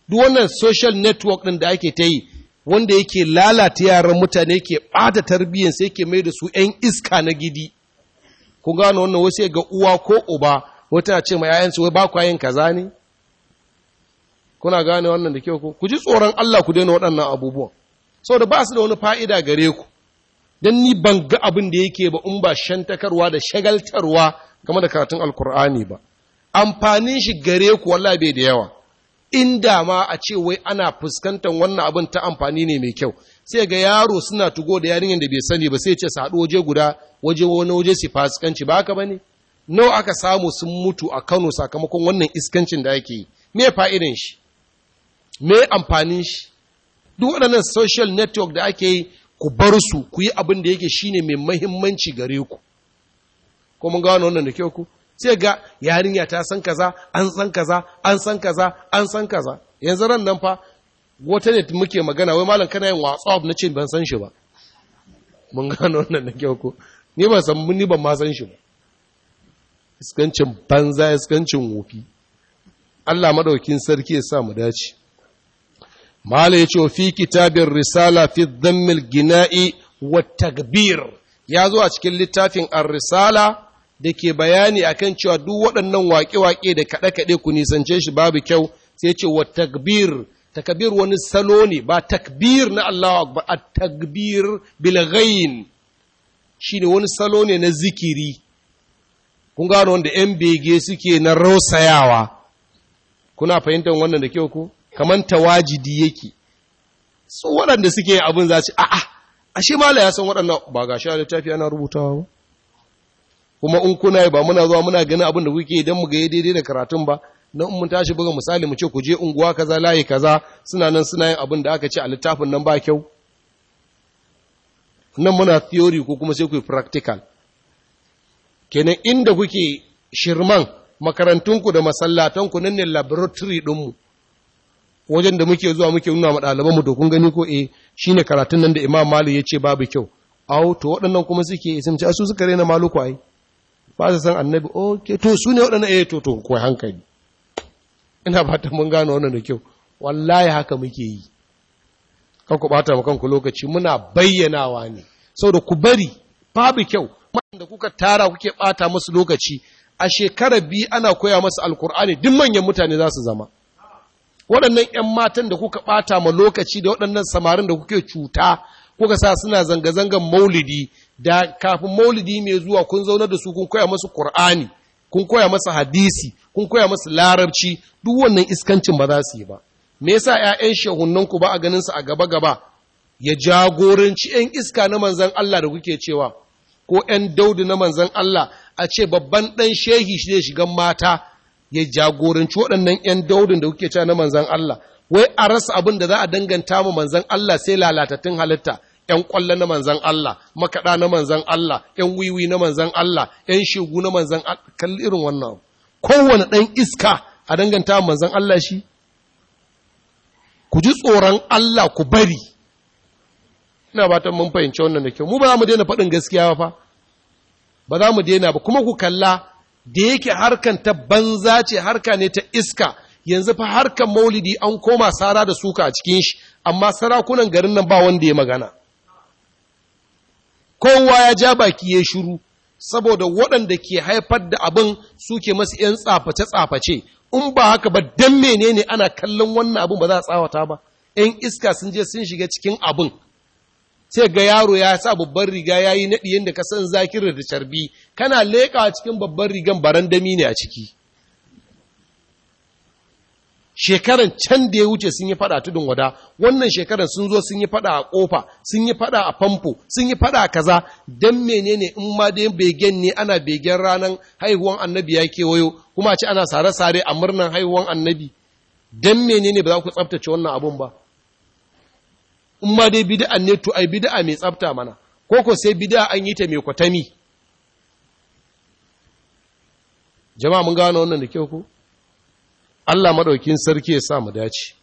duk wannan social network ɗin da ake ta yi wanda yake lalata yaran mutane ke bata tarbiyyar sai ke mai da su 'yan iska na gidi ku gano wannan wasu ga uwa ko uba wata ce ma su wai ba ku yin kaza ne kuna gane wannan da kyau ku ji tsoron Allah ku daina waɗannan abubuwan saboda ba su da wani fa'ida gare ku don ni ban ga abin da yake ba in ba shantakarwa da shagaltarwa game da karatun alkur'ani ba amfanin shi gare ku wallahi bai da yawa inda ma a ce wai ana fuskantar wannan abin ta amfani ne mai kyau sai ga yaro suna tugo da yarinyar da bai sani ba sai ce su haɗu waje guda waje wani waje su fasikanci ba haka bane nawa aka samu sun mutu a Kano sakamakon wannan iskancin da ake yi me fa'idan shi me amfanin shi duk waɗannan social network da ake yi ku bar su ku yi abin da yake shine mai muhimmanci gare ku ko mun ga wannan da kyau ku sai ga yarinya ta san kaza an san kaza an san kaza an san kaza yanzu ran nan fa wata ne muke magana wai malam kana yin whatsapp na ce ban san shi ba mun gano wannan da kyau ko ni ban san ni ban ma san shi ba iskancin banza iskancin wofi Allah madaukin sarki ya sa mu dace mala yace fi kitabir risala fi dhammil gina'i wa takbir ya zo a cikin littafin ar-risala da ke bayani a kan cewa duk waɗannan waƙe-waƙe da kaɗe-kaɗe ku nisance shi babu kyau sai ce wa takbir takbir wani salo ne ba takbir na Allah akbar a takbir bil Shi shine wani salo ne na zikiri kun gano wanda yan bege suke na rosayawa kuna fahimtar wannan da kyau ko kaman tawajidi yake su waɗanda suke abin za su a'a ashe mala ya san waɗannan ba gashi a littafi ana rubutawa ba kuma in kuna yi ba muna zuwa muna gani abin da kuke idan mu ga daidai da karatun ba don mun tashi buga misali mu ce ku je unguwa kaza layi kaza suna nan suna yin abin da aka ce a littafin nan ba kyau nan muna theory ko kuma sai ku yi practical kenan inda kuke shirman makarantunku da masallatanku nan ne laboratory mu wajen da muke zuwa muke nuna ma ɗalibanmu to kun gani ko eh shine karatun nan da Imam Malik ya ce babu kyau a to waɗannan kuma suke sun ci asu suka rena maluku ai ba su san annabi ok to su ne waɗanda ya eh, to to kuwa hankali ina ba ta mun gano wannan da kyau wallahi haka muke yi kan ku ma kanku lokaci muna bayyanawa ne da ku bari babu kyau da kuka tara kuke bata masu lokaci a shekara biyu ana koya masu alkur'ani duk manyan mutane za su zama waɗannan 'yan matan da kuka ɓata ma lokaci da waɗannan samarin da kuke cuta kuka sa suna zanga-zangan maulidi da kafin maulidi mai zuwa kun zauna da su kun koya masu Kur'ani, kun koya masu hadisi, kun koya masu larabci, duk wannan iskancin ba za su yi ba. Me yasa ‘ya'yan ku ba a ganin su a gaba-gaba ya jagoranci ‘yan iska na manzan Allah da kuke cewa, ko ‘yan daudu na manzan Allah a ce babban ɗan shehi shi zai shigan mata ya jagoranci waɗannan ‘yan daudi da kuke cewa na manzan Allah. Wai a rasa abin da za a danganta mu manzan Allah sai lalatattun halitta, ‘yan ƙwallo na manzan Allah, makaɗa na manzan Allah, ‘yan wiwi na manzan Allah, ‘yan shigu na manzan Allah, kalli irin wannan. Kowane ɗan iska a danganta manzan Allah shi, ku ji tsoron Allah ku bari. Ina ba ta mun fahimci wannan da kyau, mu ba za mu daina faɗin gaskiya ba fa, ba za mu daina ba, kuma ku kalla da yake harkan ta banza ce harka ne ta iska, yanzu fa harkan maulidi an koma sara da suka a cikin shi, amma sarakunan garin nan ba wanda ya magana. kowa ya ja baki ya shiru saboda waɗanda ke haifar da abin suke masu ‘yan tsaface-tsaface, in ba haka ba don menene ana kallon wannan abin ba za a tsawata ba, ‘yan iska sun je sun shiga cikin abin, sai ga yaro ya sa babban riga ya yi naɗi yadda ka san zakirar da carbi, kana leƙa cikin babban rigan barandami ne a ciki. shekaran can da ya wuce sun yi fada tudun wada wannan shekaran sun zo sun yi fada a kofa sun yi fada a famfo sun yi fada a kaza dan menene in ma dai begen ne ana begen ranan haihuwan annabi ya kewayo kuma ce ana sare-sare a murnan haihuwan annabi dan menene ba za ku tsaftace wannan abun ba in ma dai bid'a ne to ai bid'a mai tsafta mana ko ko sai bid'a an yi ta mai kwatami jama'a mun gano wannan da kyau ko Allah maɗaukin sarki ya sa mu dace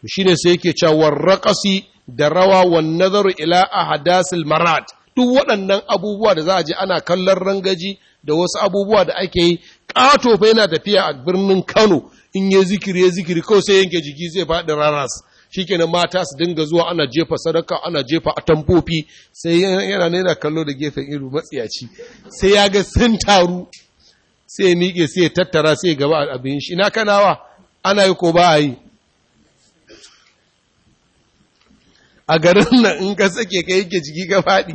to shine sai yake cewa warraqasi da rawa wan nazaru ila ahadasil marad duk waɗannan abubuwa da za a je ana kallon rangaji da wasu abubuwa da ake yi ƙato fa yana tafiya a birnin Kano in ya zikiri ya zikiri kawai sai yanke jiki zai faɗi raras shikenan mata su dinga zuwa ana jefa sadaka ana jefa atamfofi sai yana naira kallo da gefen iru matsiyaci sai ya ga sun taru sai ya miƙe sai ya tattara sai ya gaba abin shi na kanawa ana yi ko ba a yi a garin nan in ka sake ka yake jiki ka faɗi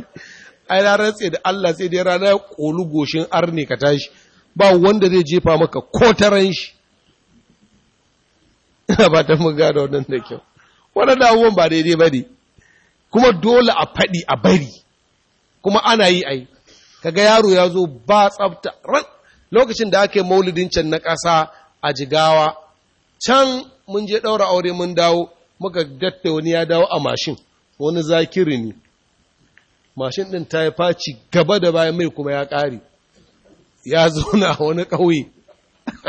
yi na rantse da Allah sai dai rana ya kolu goshin arne ka tashi ba wanda zai jefa maka ko ran shi ina ba ta mun gada wannan da kyau wannan abubuwan ba daidai ba ne kuma dole a faɗi a bari kuma ana yi Ka kaga yaro ya zo ba tsafta ran lokacin da aka yi maulidin can na ƙasa a jigawa can mun je ɗaura aure mun dawo muka datta wani ya dawo a mashin wani zakiri ne mashin ɗin ta yi faci gaba da bayan mai kuma ya ƙare ya zauna a wani ƙauye [LAUGHS]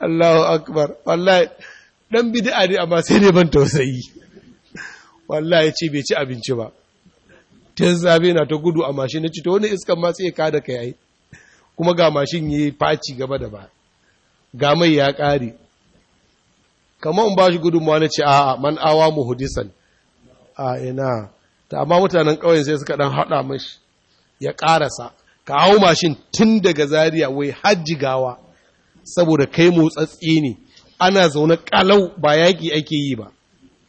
Allahu akbar wallahi dan bid'a ne amma sai ne ban tausayi wallahi ce bai ci abinci ba tun zabe na ta gudu a mashin na ci ta wani iskan ma sai ka da kai kuma ga mashin ya yi faci gaba da ba ga mai ya ƙare kamar in ba shi gudunmawa na ce a'a man awa mu hudisan a ina ta amma mutanen ƙauyen sai suka ɗan haɗa mashi ya ƙarasa ka hau mashin tun daga zariya wai hajji gawa saboda kai motsatsi ne ana zaune kalau ba yaƙi ake yi ba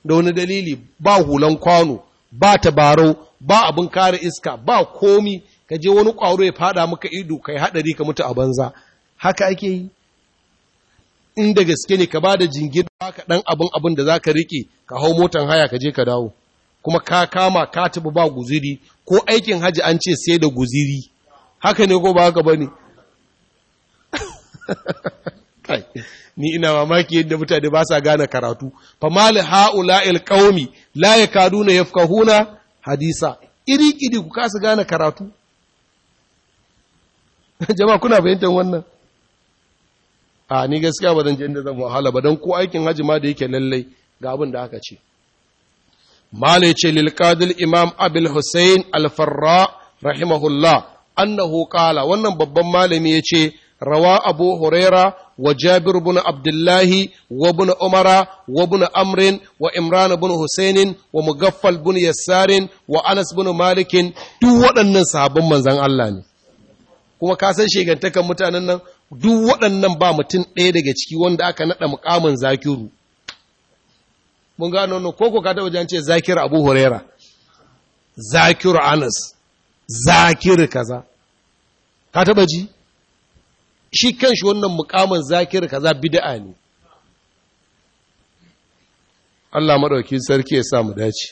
da wani dalili ba hulan kwano ba tabarau ba abin kare iska ba komi ka je wani ƙwaro ya fada maka ido yi haɗari ka mutu a banza haka ake yi in da gaske ne ka ba da jingir ka ɗan abin abin da za ka riƙe ka hau motan haya ka je ka dawo kuma ka kama ka tabi ba guziri ko aikin haji an ce sai da guziri haka ne ko ba haka ba ne [LAUGHS] ni ina mamaki yadda mutane ba sa gane karatu fa mal haula il qaumi la yakaduna yafqahuna hadisa iri kidi ku kasa gane karatu [LAUGHS] jama'a kuna fahimtar wannan a ni gaskiya ba zan je inda zan wahala ba don ko aikin haji ma da yake lallai ga abin da aka ce malai ce lil imam abul husayn al farra rahimahullah annahu qala wannan babban malami yace rawa abu huraira wa jabir ibn abdullahi wa ibn umara wa ibn amrin wa imran ibn husainin wa mugaffal ibn yassarin wa anas bin malikin duk waɗannan sahabban manzon Allah ne kuma ka san shegantakan mutanen nan duk waɗannan ba mutum ɗaya daga ciki wanda aka naɗa mukamin zakiru mun gano ko ko ka taɓa jan ce zakiru abu huraira zakiru anas zakiru kaza ka taɓa ji shi kan shi wannan mukamin zakiru kaza bid'a ne Allah maɗauki sarki ya sa mu dace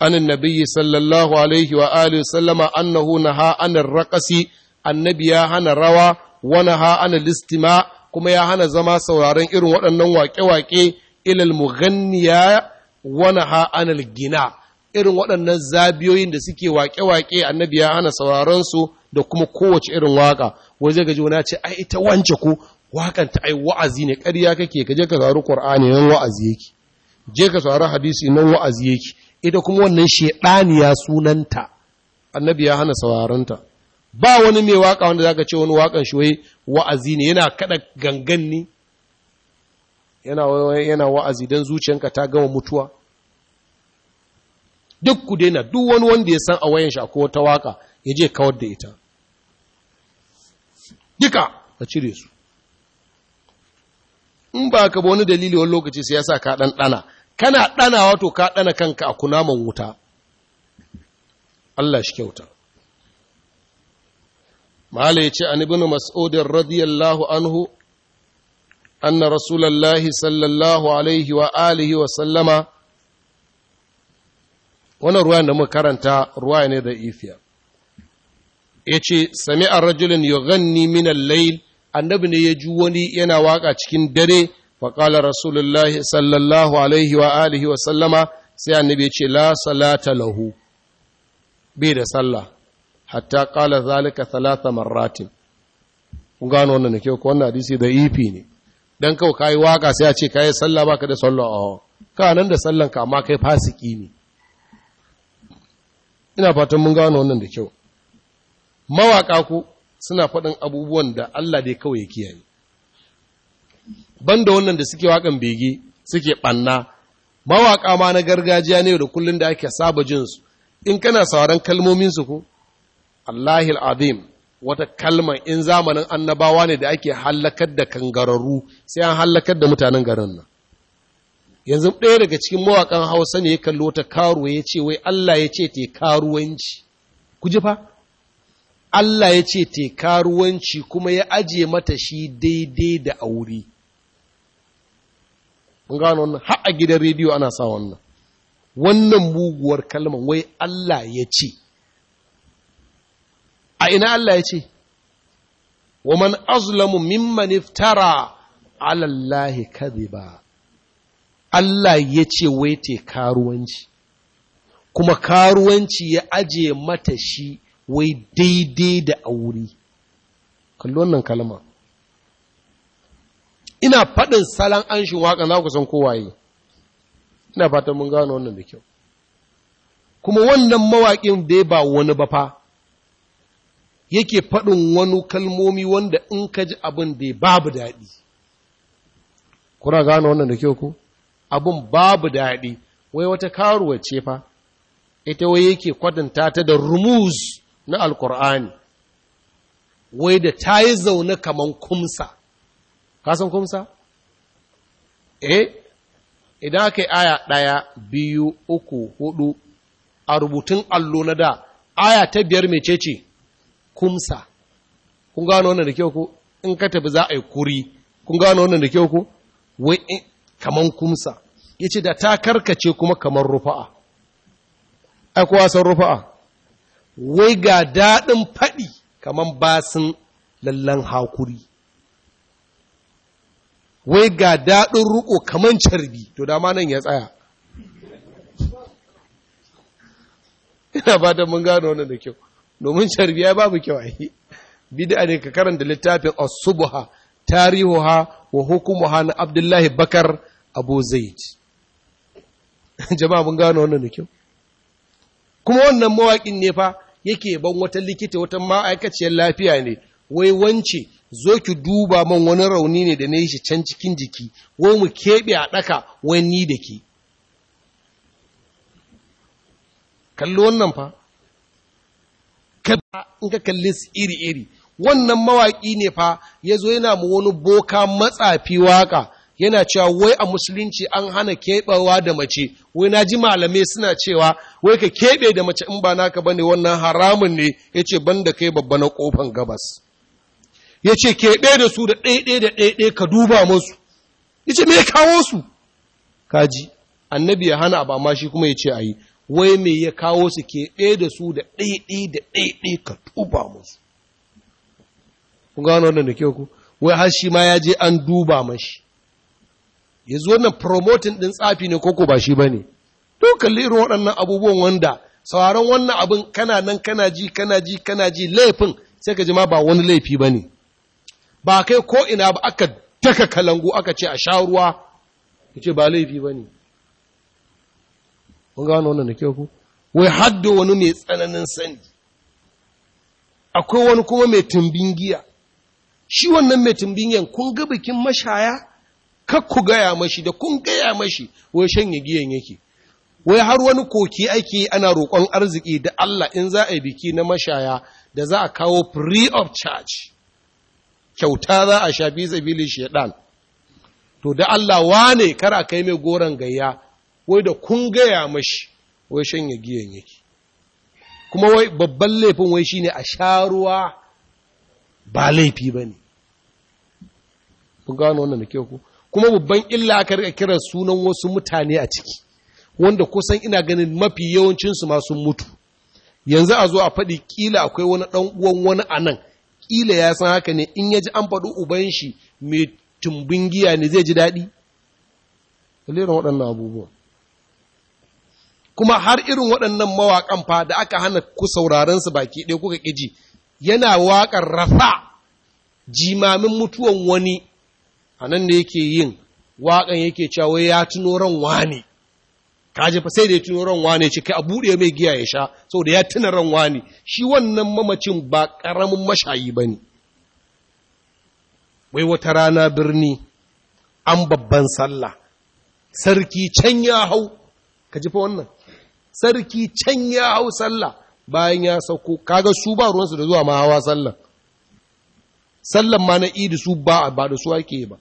an annabi sallallahu alaihi wa alihi sallama annahu naha anar raqasi annabi ya hana rawa wani ha ana listima kuma ya hana zama sauraron irin waɗannan waƙe-waƙe ilal muganniya wani ha ana gina irin waɗannan zabiyoyin da suke waƙe-waƙe annabi ya hana sauraron su da kuma kowace irin waƙa Wani zai gaji wani ce ai ita wance ko waƙan ta ai wa'azi ne ƙarya kake ka je ka saurari Qur'ani nan wa'azi yake je ka saurari hadisi nan wa'azi yake ita kuma wannan shedaniya sunanta annabi ya hana sauraron ta ba wani mai waka wanda zaka ce wani wakan shi wai wa'azi ne yana kada gangan ne yana yana wa'azi dan zuciyanka ta gama mutuwa duk ku daina duk wani wanda ya san a wayan shi akwai wata waka ya je kawar da ita duka ka cire su in ba ka ba wani dalili wani lokaci sai ya sa ka ɗan ɗana kana ɗana wato ka ɗana kanka a kunaman wuta Allah shi kyauta mala ya ce an ibn mas'udin radiyallahu anhu anna rasulallahi sallallahu alaihi wa alihi wa sallama wannan ruwa da mu karanta ruwa ne da ifiya ya ce sami a rajulin yughanni min al-layl annabi ne ya ji wani yana waka cikin dare faƙalar rasulullahi sallallahu alaihi wa alihi wa sallama sai annabi ya ce la salata lahu bai da sallah hatta kala zalika thalatha marratin kun gano wannan ne ko wannan hadisi da ifi ne dan kawai kai waka sai a ce kai sallah baka da sallah a ka nan da sallan ka amma kai fasiki ne ina fatan mun gano wannan da kyau mawaka ku suna faɗin abubuwan da Allah dai kawai ya kiyaye banda wannan da suke wakan bege suke ɓanna mawaka ma na gargajiya ne da kullum da ake saba jinsu in kana sauran kalmominsu ko Allahil azim wata kalma in zamanin annabawa ne da ake hallakar da kangararru sai an hallakar da mutanen garin nan yanzu ɗaya daga cikin mawaƙan hausa ne ya kallo ta karuwa ya ce wai Allah ya ce te karuwanci ku ji fa Allah ya ce te karuwanci kuma ya aje mata shi daidai da aure mun gano wannan har a gidan rediyo ana sa wannan wannan muguwar kalman wai Allah ya ce a ina Allah ya ce wa man azlamu mimman iftara ala Allah ba Allah ya ce wai karuwanci kuma karuwanci ya aje mata shi wai daidai da aure kalli wannan kalma ina faɗin salon an shi waƙa za ku san kowaye ina fatan mun gano wannan da kyau kuma wannan mawaƙin dai ba wani ba fa yake faɗin wani kalmomi wanda in ka ji abin da babu daɗi kuna gane wannan da kyau ku abin babu daɗi wai wata karuwa ce fa ita wai yake kwatanta ta da rumuz na alkur'ani wai da ta yi zaune kamar kumsa kasan kumsa eh idan aka yi aya ɗaya biyu uku hudu a rubutun allo na da aya ta biyar ce. kumsa kun gano wannan da kyau ko in ka tafi za a yi kuri kun gano wannan da kyau ko wai eh, kaman kumsa yace da ta karkace kuma kaman rufa'a ai kowa san rufa'a wai ga daɗin faɗi kaman basin lallan hakuri wai ga daɗin ruko kaman carbi to dama nan ya tsaya [LAUGHS] ina ba da mun gano wannan da kyau domin sharbiya babu kyau bid'a ne ka karanta littafin as-subha tarihuha wa hukumuha na Abdullahi Bakar Abu Zaid [LAUGHS] jama'a mun gano wannan da kyau kuma wannan mawaƙin ne fa yake ban wata likita wata ma'aikaciyar lafiya ne wai wance zo ki duba man wani rauni ne da na yi shi can cikin jiki wai mu keɓe a ɗaka wani da ke kallo wannan fa kada in ka kalli su iri-iri wannan mawaƙi ne fa ya zo yana mu wani boka matsafi waka yana cewa wai a musulunci an hana keɓewa da mace wai na ji malamai suna cewa wai ka keɓe da mace in ba naka ba ne wannan haramun ne ya ce ban da kai babba na ƙofan gabas ya ce keɓe da su da ɗaiɗe da ɗaiɗe ka duba musu ya ce me kawo su kaji annabi ya hana ba ma shi kuma ya ce a yi wai me ya kawo su ke da su da ɗaiɗi da ɗaiɗi ka tuba musu kun gano wannan da kyau ku wai har shi ma ya je an duba mashi yanzu wannan promoting ɗin tsafi ne koko ba shi ba ne to kalli irin waɗannan abubuwan wanda sauraron wannan abin kana nan kana ji kana ji kana ji laifin sai ka ji ma ba wani laifi ba ne ba kai ko ina ba aka daka kalangu aka ce a sha ruwa ya ce ba laifi ba ne Kun gano wannan da kyau ku wai haddo wani mai tsananin sani akwai wani kuma mai tumbin giya shi wannan mai tumbin giyan kun ga bikin mashaya kak ku gaya mashi da kun gaya mashi wai shanye giyan yake wai har wani koki ake ana roƙon arziki da Allah in za a yi biki na mashaya da za a kawo free of charge kyauta za a shafi zabilin shedan to da Allah wane kar a kai mai goron gayya wai da kun gaya mashi wai shanye giyan yake kuma wai babban laifin wai shine a sha ruwa ba laifi ba ne kun gano wannan da ku kuma babban illa aka rika kiran sunan wasu mutane a ciki wanda kusan ina ganin mafi yawancinsu masu mutu yanzu a zo a faɗi ƙila akwai wani ɗan uwan wani a nan ƙila ya san haka ne in ya ji an faɗi uban shi mai tumbin giya ne zai ji daɗi? Kaliran waɗannan abubuwan. kuma har irin waɗannan mawaƙan fa da aka hana ku sauraron su baki ɗaya kuka ƙiji yana waƙar rasa jimamin mutuwan wani a nan da yake yin waƙan yake cewa ya tuno ran wani kaje fa sai da ya tuno ran wani ce kai a buɗe mai giya ya sha saboda ya tuna ran wani shi wannan mamacin ba ƙaramin mashayi ba ne wai wata rana birni an babban sallah sarki can ya hau ka ji fa wannan sarki can ya hau sallah bayan ya sauko kaga su ba ruwansu da zuwa ma hawa sallah sallan ma na idi su ba ba da su ake ba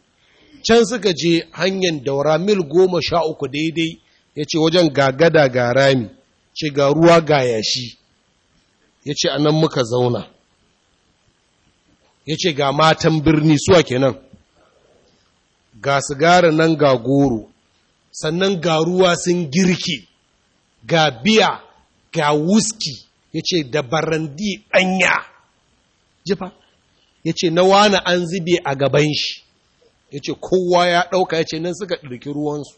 can suka je hanyar daura mil goma sha uku daidai ya ce wajen gagada ga rami ce ga ruwa ga yashi ya ce a nan muka zauna ya ce ga matan birni suwa kenan ga sigara nan ga goro sannan ga ruwa sun girki ga biya ga wuski ya ce da barandi ɗanya jifa ya ce na wani an zube a gaban shi ya ce kowa ya ɗauka ya ce nan suka ɗirki ruwansu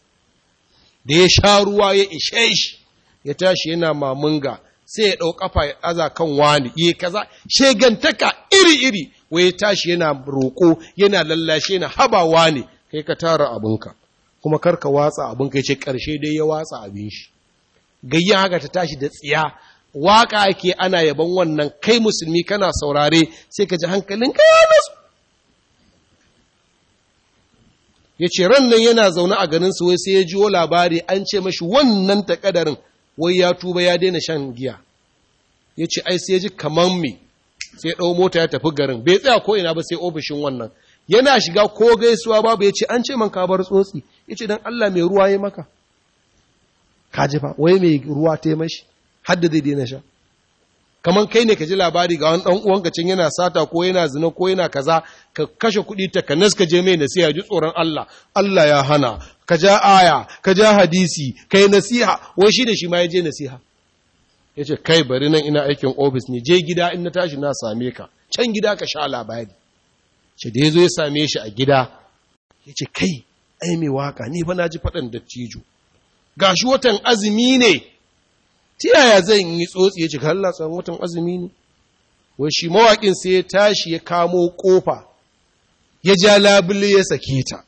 da ya sha ruwa ya ishe shi ya tashi yana mamunga sai ya ɗau ƙafa ya aza kan wani ya kaza shegantaka iri-iri wai ya tashi yana roƙo yana lallashe na haba ne kai ka tara abinka kuma karka watsa abinka ya ce ƙarshe dai ya watsa abin shi gayyan haka ta tashi da tsiya waka ake ana yaban wannan kai musulmi kana saurare sai ka ji hankalin ka ya nasu ya ce ran nan yana zaune a ganin su wai sai ya jiwo labari an ce mashi wannan takadarin wai ya tuba ya daina shan giya ya ce ai sai ya ji kaman me sai ɗau mota ya tafi garin bai tsaya ko ina ba sai ofishin wannan yana shiga ko gaisuwa babu ya ce an ce man ka bar tsotsi ya ce don Allah mai ruwa ya maka kaji fa wai mai ruwa ta mashi hadda zai daina sha kamar kai ne ka ji labari ga wani ɗan uwanka can yana sata ko yana zina ko yana kaza ka kashe kuɗi ta ka ka je mai nasiha ji tsoron Allah Allah ya hana ka ja aya ka ja hadisi ka yi nasiha wai shi da shi ma ya je nasiha ya ce kai bari nan ina aikin ofis ne je gida in na tashi na same ka can gida ka sha labari ce da ya zo ya same shi a gida ya ce kai ai mai waka ni fa na ji faɗan dattijo Ga shi watan azumi ne ta yaya zan yi tsotsi ya cika Allah tsawon watan azumi ne wai shi mawaƙin sai ya tashi ya kamo ƙofa ya ja labule ya sake ta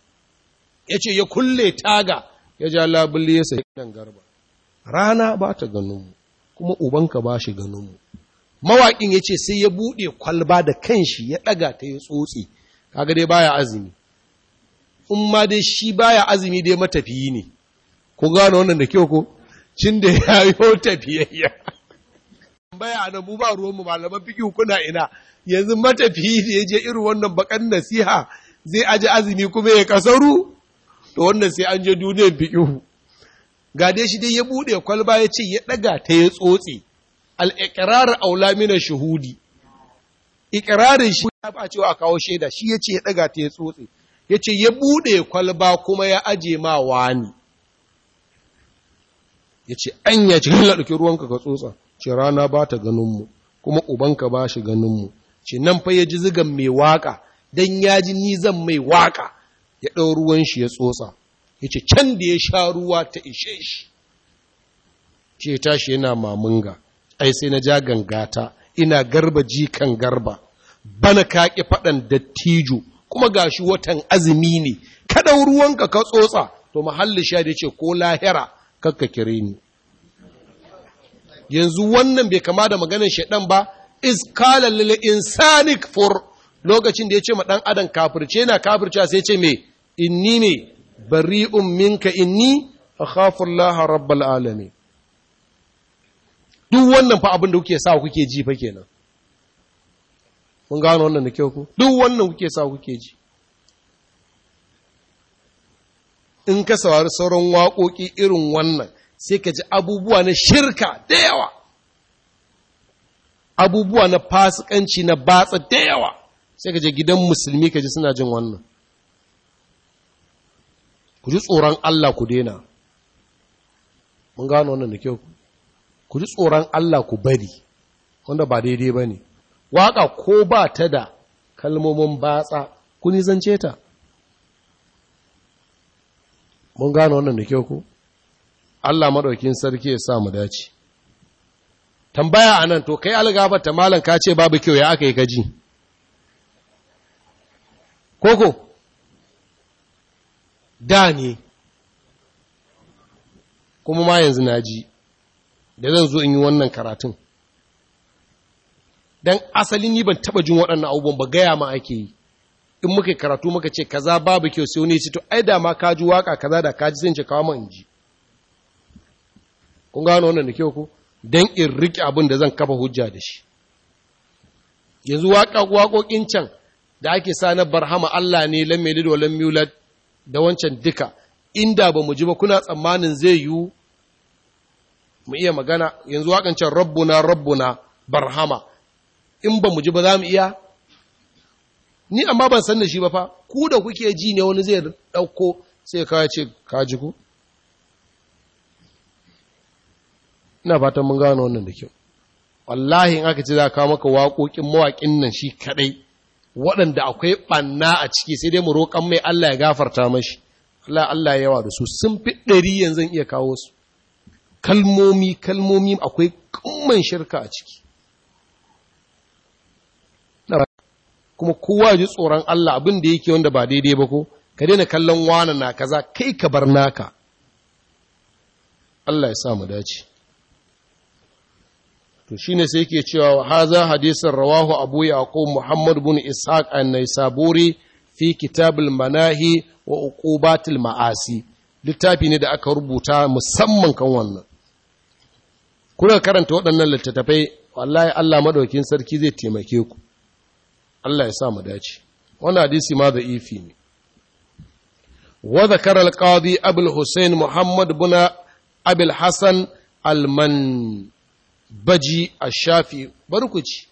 ya ce ya kulle taga ya ja labule ya sake ta garba rana ba ta ganinmu kuma ubanka ba shi ganinmu mawaƙin ya ce sai ya buɗe kwalba da kanshi ya ɗaga ta ya tsotsi kaga dai baya azumi in ma dai shi baya azumi dai matafiyi ne Ku gane wannan da kyau ko? Cin da ya [LAUGHS] yi tafiyayya. Baya na mu ba ruwanmu malaman fiki kuna ina, yanzu matafiyi da ya je irin wannan bakan nasiha zai aji azumi kuma ya kasaru, to wannan sai an je duniyar fiki Ga dai shi dai ya bude kwalba ya ce ya daga ta ya tsotse, al'iƙirar aula shahudi shuhudi. Iƙirarin shi ya ba cewa a kawo shaida, shi ya ce ya daga ta ya tsotse, ya ce ya bude kwalba kuma ya aje ma wani. ya ce an ya ce ɗauki ruwanka ka tsotsa ce rana ba ta ganinmu kuma ubanka ba shi ganinmu ce nan fa ya ji zigan mai waƙa don ya ji nizan mai waƙa. ya ɗau ruwan shi ya tsotsa ya ce can da ya sha ruwa ta ishe shi ce tashi yana mamunga ai sai na ja gangata ina garba jikan garba bana ƙi faɗan dattijo kuma ga shi watan azumi ne ka ɗau ruwanka ka tsotsa to mahallin sha da ce ko lahira kakka kire ni yanzu wannan bai kama da maganar shaidan ba is kala lil insanik fur lokacin da yace ma dan adam kafirce na kafirce sai yace me inni ne bari'un minka inni akhafu Allah rabbal alamin duk wannan fa abin da kuke sa kuke ji fa kenan mun gano wannan da kyau ku duk wannan kuke sa kuke ji in ka saurari sauran waƙoƙi irin wannan sai ka ji abubuwa na shirka da yawa abubuwa na fasikanci na batsa da yawa sai ka ji gidan musulmi ka ji suna jin wannan ku ji tsoron Allah ku dena. mun gano wannan da kyau ku ji tsoron Allah ku bari wanda ba daidai ba ne waƙa ko ba ta da kalmomin batsa ku zance ta mun gano wannan da kyau ku Allah madaukin sarki ya sa mu dace tambaya anan to kai algaba ta malam ka ce babu kyau ya aka yi kaji koko da ne kuma ma yanzu na ji da zan zo in yi wannan karatun dan asalin ni ban taba jin waɗannan abubuwan ba gaya ma ake yi in muka karatu muka ce kaza babu kyau sai wani ce to ai da ma ka ji waka kaza da ka ji sai kawo mu in ji kun gano wannan da kyau ko dan in rike abin da zan kafa hujja da shi yanzu waka waƙoƙin can da ake sa na barhama Allah ne lam yalid wa lam yulad da wancan duka inda ba mu ji ba kuna tsammanin zai yiwu mu iya magana yanzu wakan can rabbuna rabbuna barhama in ba mu ji ba za mu iya ni amma ban san da shi ba fa ku da kuke ji ne wani zai dauko sai ka ce ka ji ku ina fatan mun gano wannan da kyau wallahi in aka ce za ka maka waƙoƙin mawaƙin nan shi kadai, waɗanda akwai ɓanna a ciki sai dai mu roƙan mai Allah ya gafarta mashi Allah Allah ya yawa da su sun fi ɗari yanzu iya kawo su kalmomi kalmomi akwai kumman shirka a ciki kuma kowa ji tsoron Allah abin da yake wanda ba daidai ba ko ka daina kallon wani na kaza kai ka bar naka Allah ya sa mu dace to shine sai yake cewa haza hadisin rawahu abu yaqub muhammad ibn ishaq an-naisaburi fi kitabul manahi wa uqubatil ma'asi littafi ne da aka rubuta musamman kan wannan kuna karanta waɗannan littattafai wallahi Allah madaukin sarki zai taimake ku Allah ya sa mu dace wannan hadisi ma da ifi ne wa zakara al-qadi abul husayn muhammad bin abul hasan al-man baji ash-shafi barkuci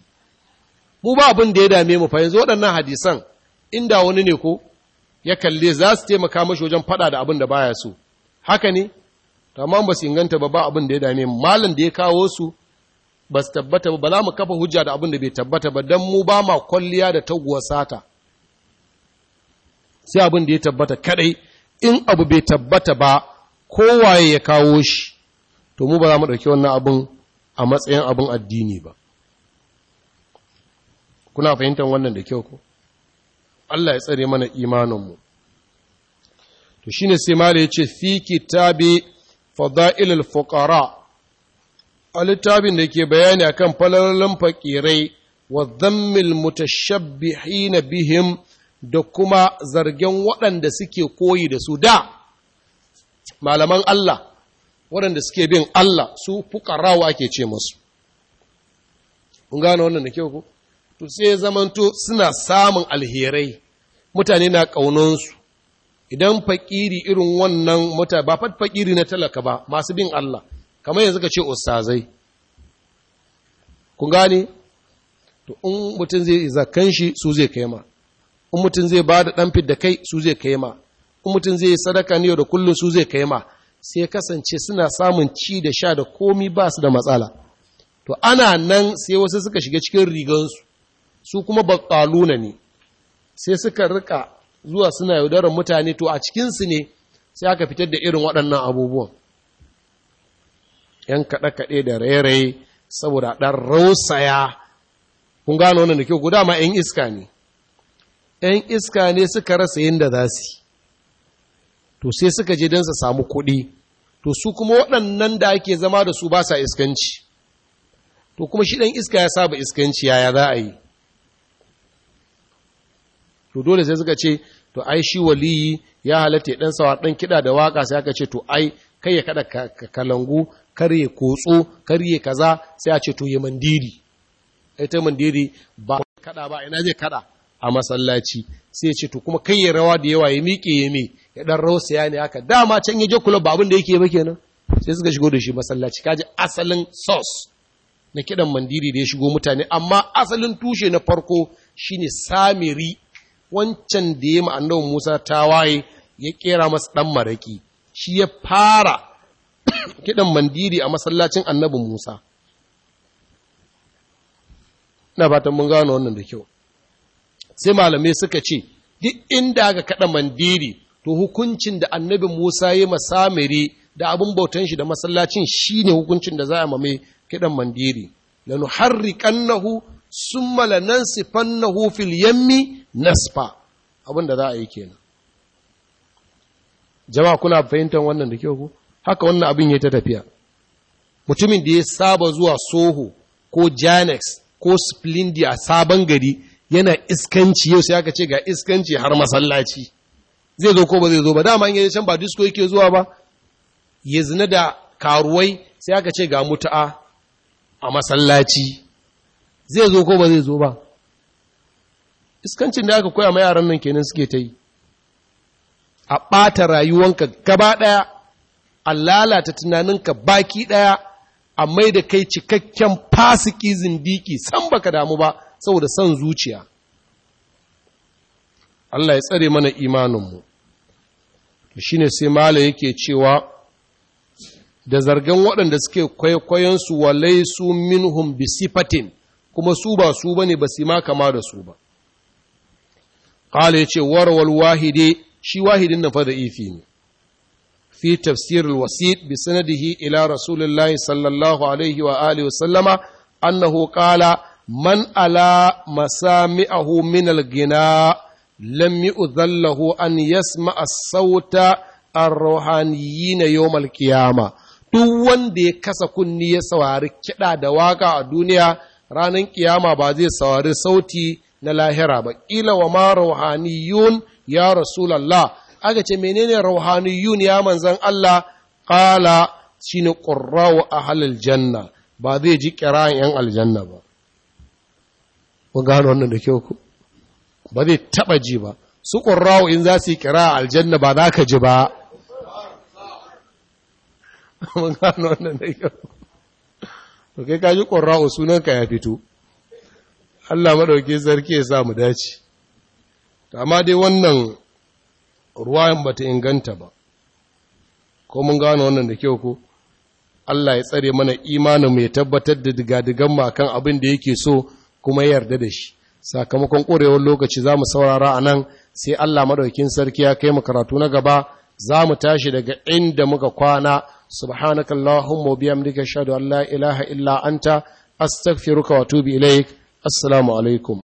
mu ba abin da ya dame mu fa yanzu waɗannan hadisan inda wani ne ko ya kalle za su taimaka mashi wajen faɗa da abin da baya so haka ne tamam ba su inganta ba ba abin da ya dame mu malam da ya kawo su ba su tabbata ba za mu kafa hujja da abin da bai tabbata ba don mu ba ma kwalliya da taguwa sata sai abin da ya tabbata kadai in abu bai tabbata ba kowaye ya kawo shi to mu ba za mu ɗauki wannan abin a matsayin abin addini ba kuna fahimtar wannan da kyau ko Allah ya tsare mana imaninmu to shine sai mala yace fi kitabi fadailul fuqara a littafin da ke bayani a kan falalolin faƙirai wa zammil mutashabbihina bihim da kuma zargen waɗanda suke koyi da su da malaman Allah waɗanda suke bin Allah su fukarawa ake ce masu kun gane wannan da kyau ku to sai zamanto suna samun alherai mutane na ƙaunonsu idan faƙiri irin wannan mutane ba fakiri na talaka ba masu bin Allah kamar yanzu ka ce ustazai kun gane to in mutum zai zakan shi su zai kai ma in mutum zai ba da ɗan fidda kai su zai kai ma in mutum zai yi sadaka ne da kullum su zai kai ma sai kasance suna samun ci da sha da komi ba su da matsala to ana nan sai wasu suka shiga cikin rigansu su kuma bakaluna ne sai suka rika zuwa suna yaudarar mutane to a cikinsu ne sai aka fitar da irin waɗannan abubuwan yan kaɗe-kaɗe da rairaye saboda ɗan rausaya kun gano wannan da kyau guda ma yan iska ne yan iska ne suka rasa yadda za su to sai suka je don su samu kuɗi to su kuma waɗannan da ake zama da su ba sa iskanci to kuma shi ɗan iska ya saba iskanci yaya za a yi to dole sai suka ce to ai shi waliyi ya halatta ɗan sawa ɗan kiɗa da waƙa sai aka ce to ai kai ya kaɗa kalangu kar ya kotso kar ya kaza sai a ce to ya mandiri ai ta mandiri ba kada ba ina zai kada a masallaci sai ce to kuma kai ya rawa da yawa ya miƙe ya me ya dan rausaya ne haka dama can ya je kula ba abin da yake ba kenan sai suka shigo da shi masallaci kaji asalin sos na kidan mandiri da ya shigo mutane amma asalin tushe na farko shine samiri wancan da ya ma'annabi Musa tawaye ya kera masa dan maraki shi ya fara kiɗan mandiri a masallacin annabi Musa. Na fatan mun gano wannan da kyau. Sai malamai suka ce, duk inda aka kaɗa mandiri, to hukuncin da annabi Musa ya masamiri da abin bautan shi da masallacin shi ne hukuncin da za a mame kiɗan mandiri. Lanu nahu sun malanan sifannahu fil yammi nasfa abin da za a yi kenan. Jama'a kuna fahimtar wannan da kyau ku? haka wannan abin ya ta tafiya mutumin da ya saba zuwa soho ko janex ko splindi a sabon gari yana iskanci yau sai aka ce ga iskanci har masallaci zai zo ko ba zai zo ba dama yanzu can ba disco yake zuwa ba ya zina da karuwai sai aka ce ga mutu'a a masallaci zai zo ko ba zai zo ba iskancin da aka koya ma yaran nan kenan suke ta yi a ɓata rayuwanka gaba ɗaya a lalata tunaninka baki ɗaya a mai da kai cikakken fasiki zindiki san baka damu ba saboda son zuciya Allah ya tsare mana imaninmu shi ne sai mala yake cewa da zargan waɗanda suke kwaikwayonsu wa su minhum bisifatin kuma su ba su ba ne ba su ma kama da su ba ƙala ya ce warwal wahide shi wahidin na fa ifi ne fi tafsir al-wasit bi sanadihi ila rasulillah sallallahu alaihi wa alihi wa sallama annahu qala man ala masami'ahu min al-ghina lam yu'dhallahu an yasma'a as-sawta ar-ruhaniyyin yawm al-qiyama duk wanda ya kasa kunne ya saurari kiɗa da waƙa a duniya ranar kiyama ba zai saurari sauti na lahira ba ƙila wa ma ruhaniyun ya rasulallah aka ce menene rauhaniyun ya manzan Allah shi ne shine a ahlil janna ba zai ji kira'in yan aljanna ba kun gano wannan da kyau ku ba zai taɓa ji ba su qurra'u in za su yi kira aljanna ba za ka ji ba [LAUGHS] mun gano wannan da kyau Ku kai ka ji qurra'u sunan ka ya fito Allah maɗauki sarki ya sa mu dace amma dai wannan ruwayan bata inganta ba ko mun gano wannan da kyau ko Allah ya tsare mana imanin mai tabbatar da digadigan mu kan abin da yake so kuma ya yarda da shi sakamakon ƙorewar lokaci za mu saurara a nan sai Allah maɗaukin sarki ya kai mu karatu na gaba za mu tashi daga inda muka kwana subhanaka allahumma wa bihamdika ilaha illa anta astaghfiruka wa tubi ilaik assalamu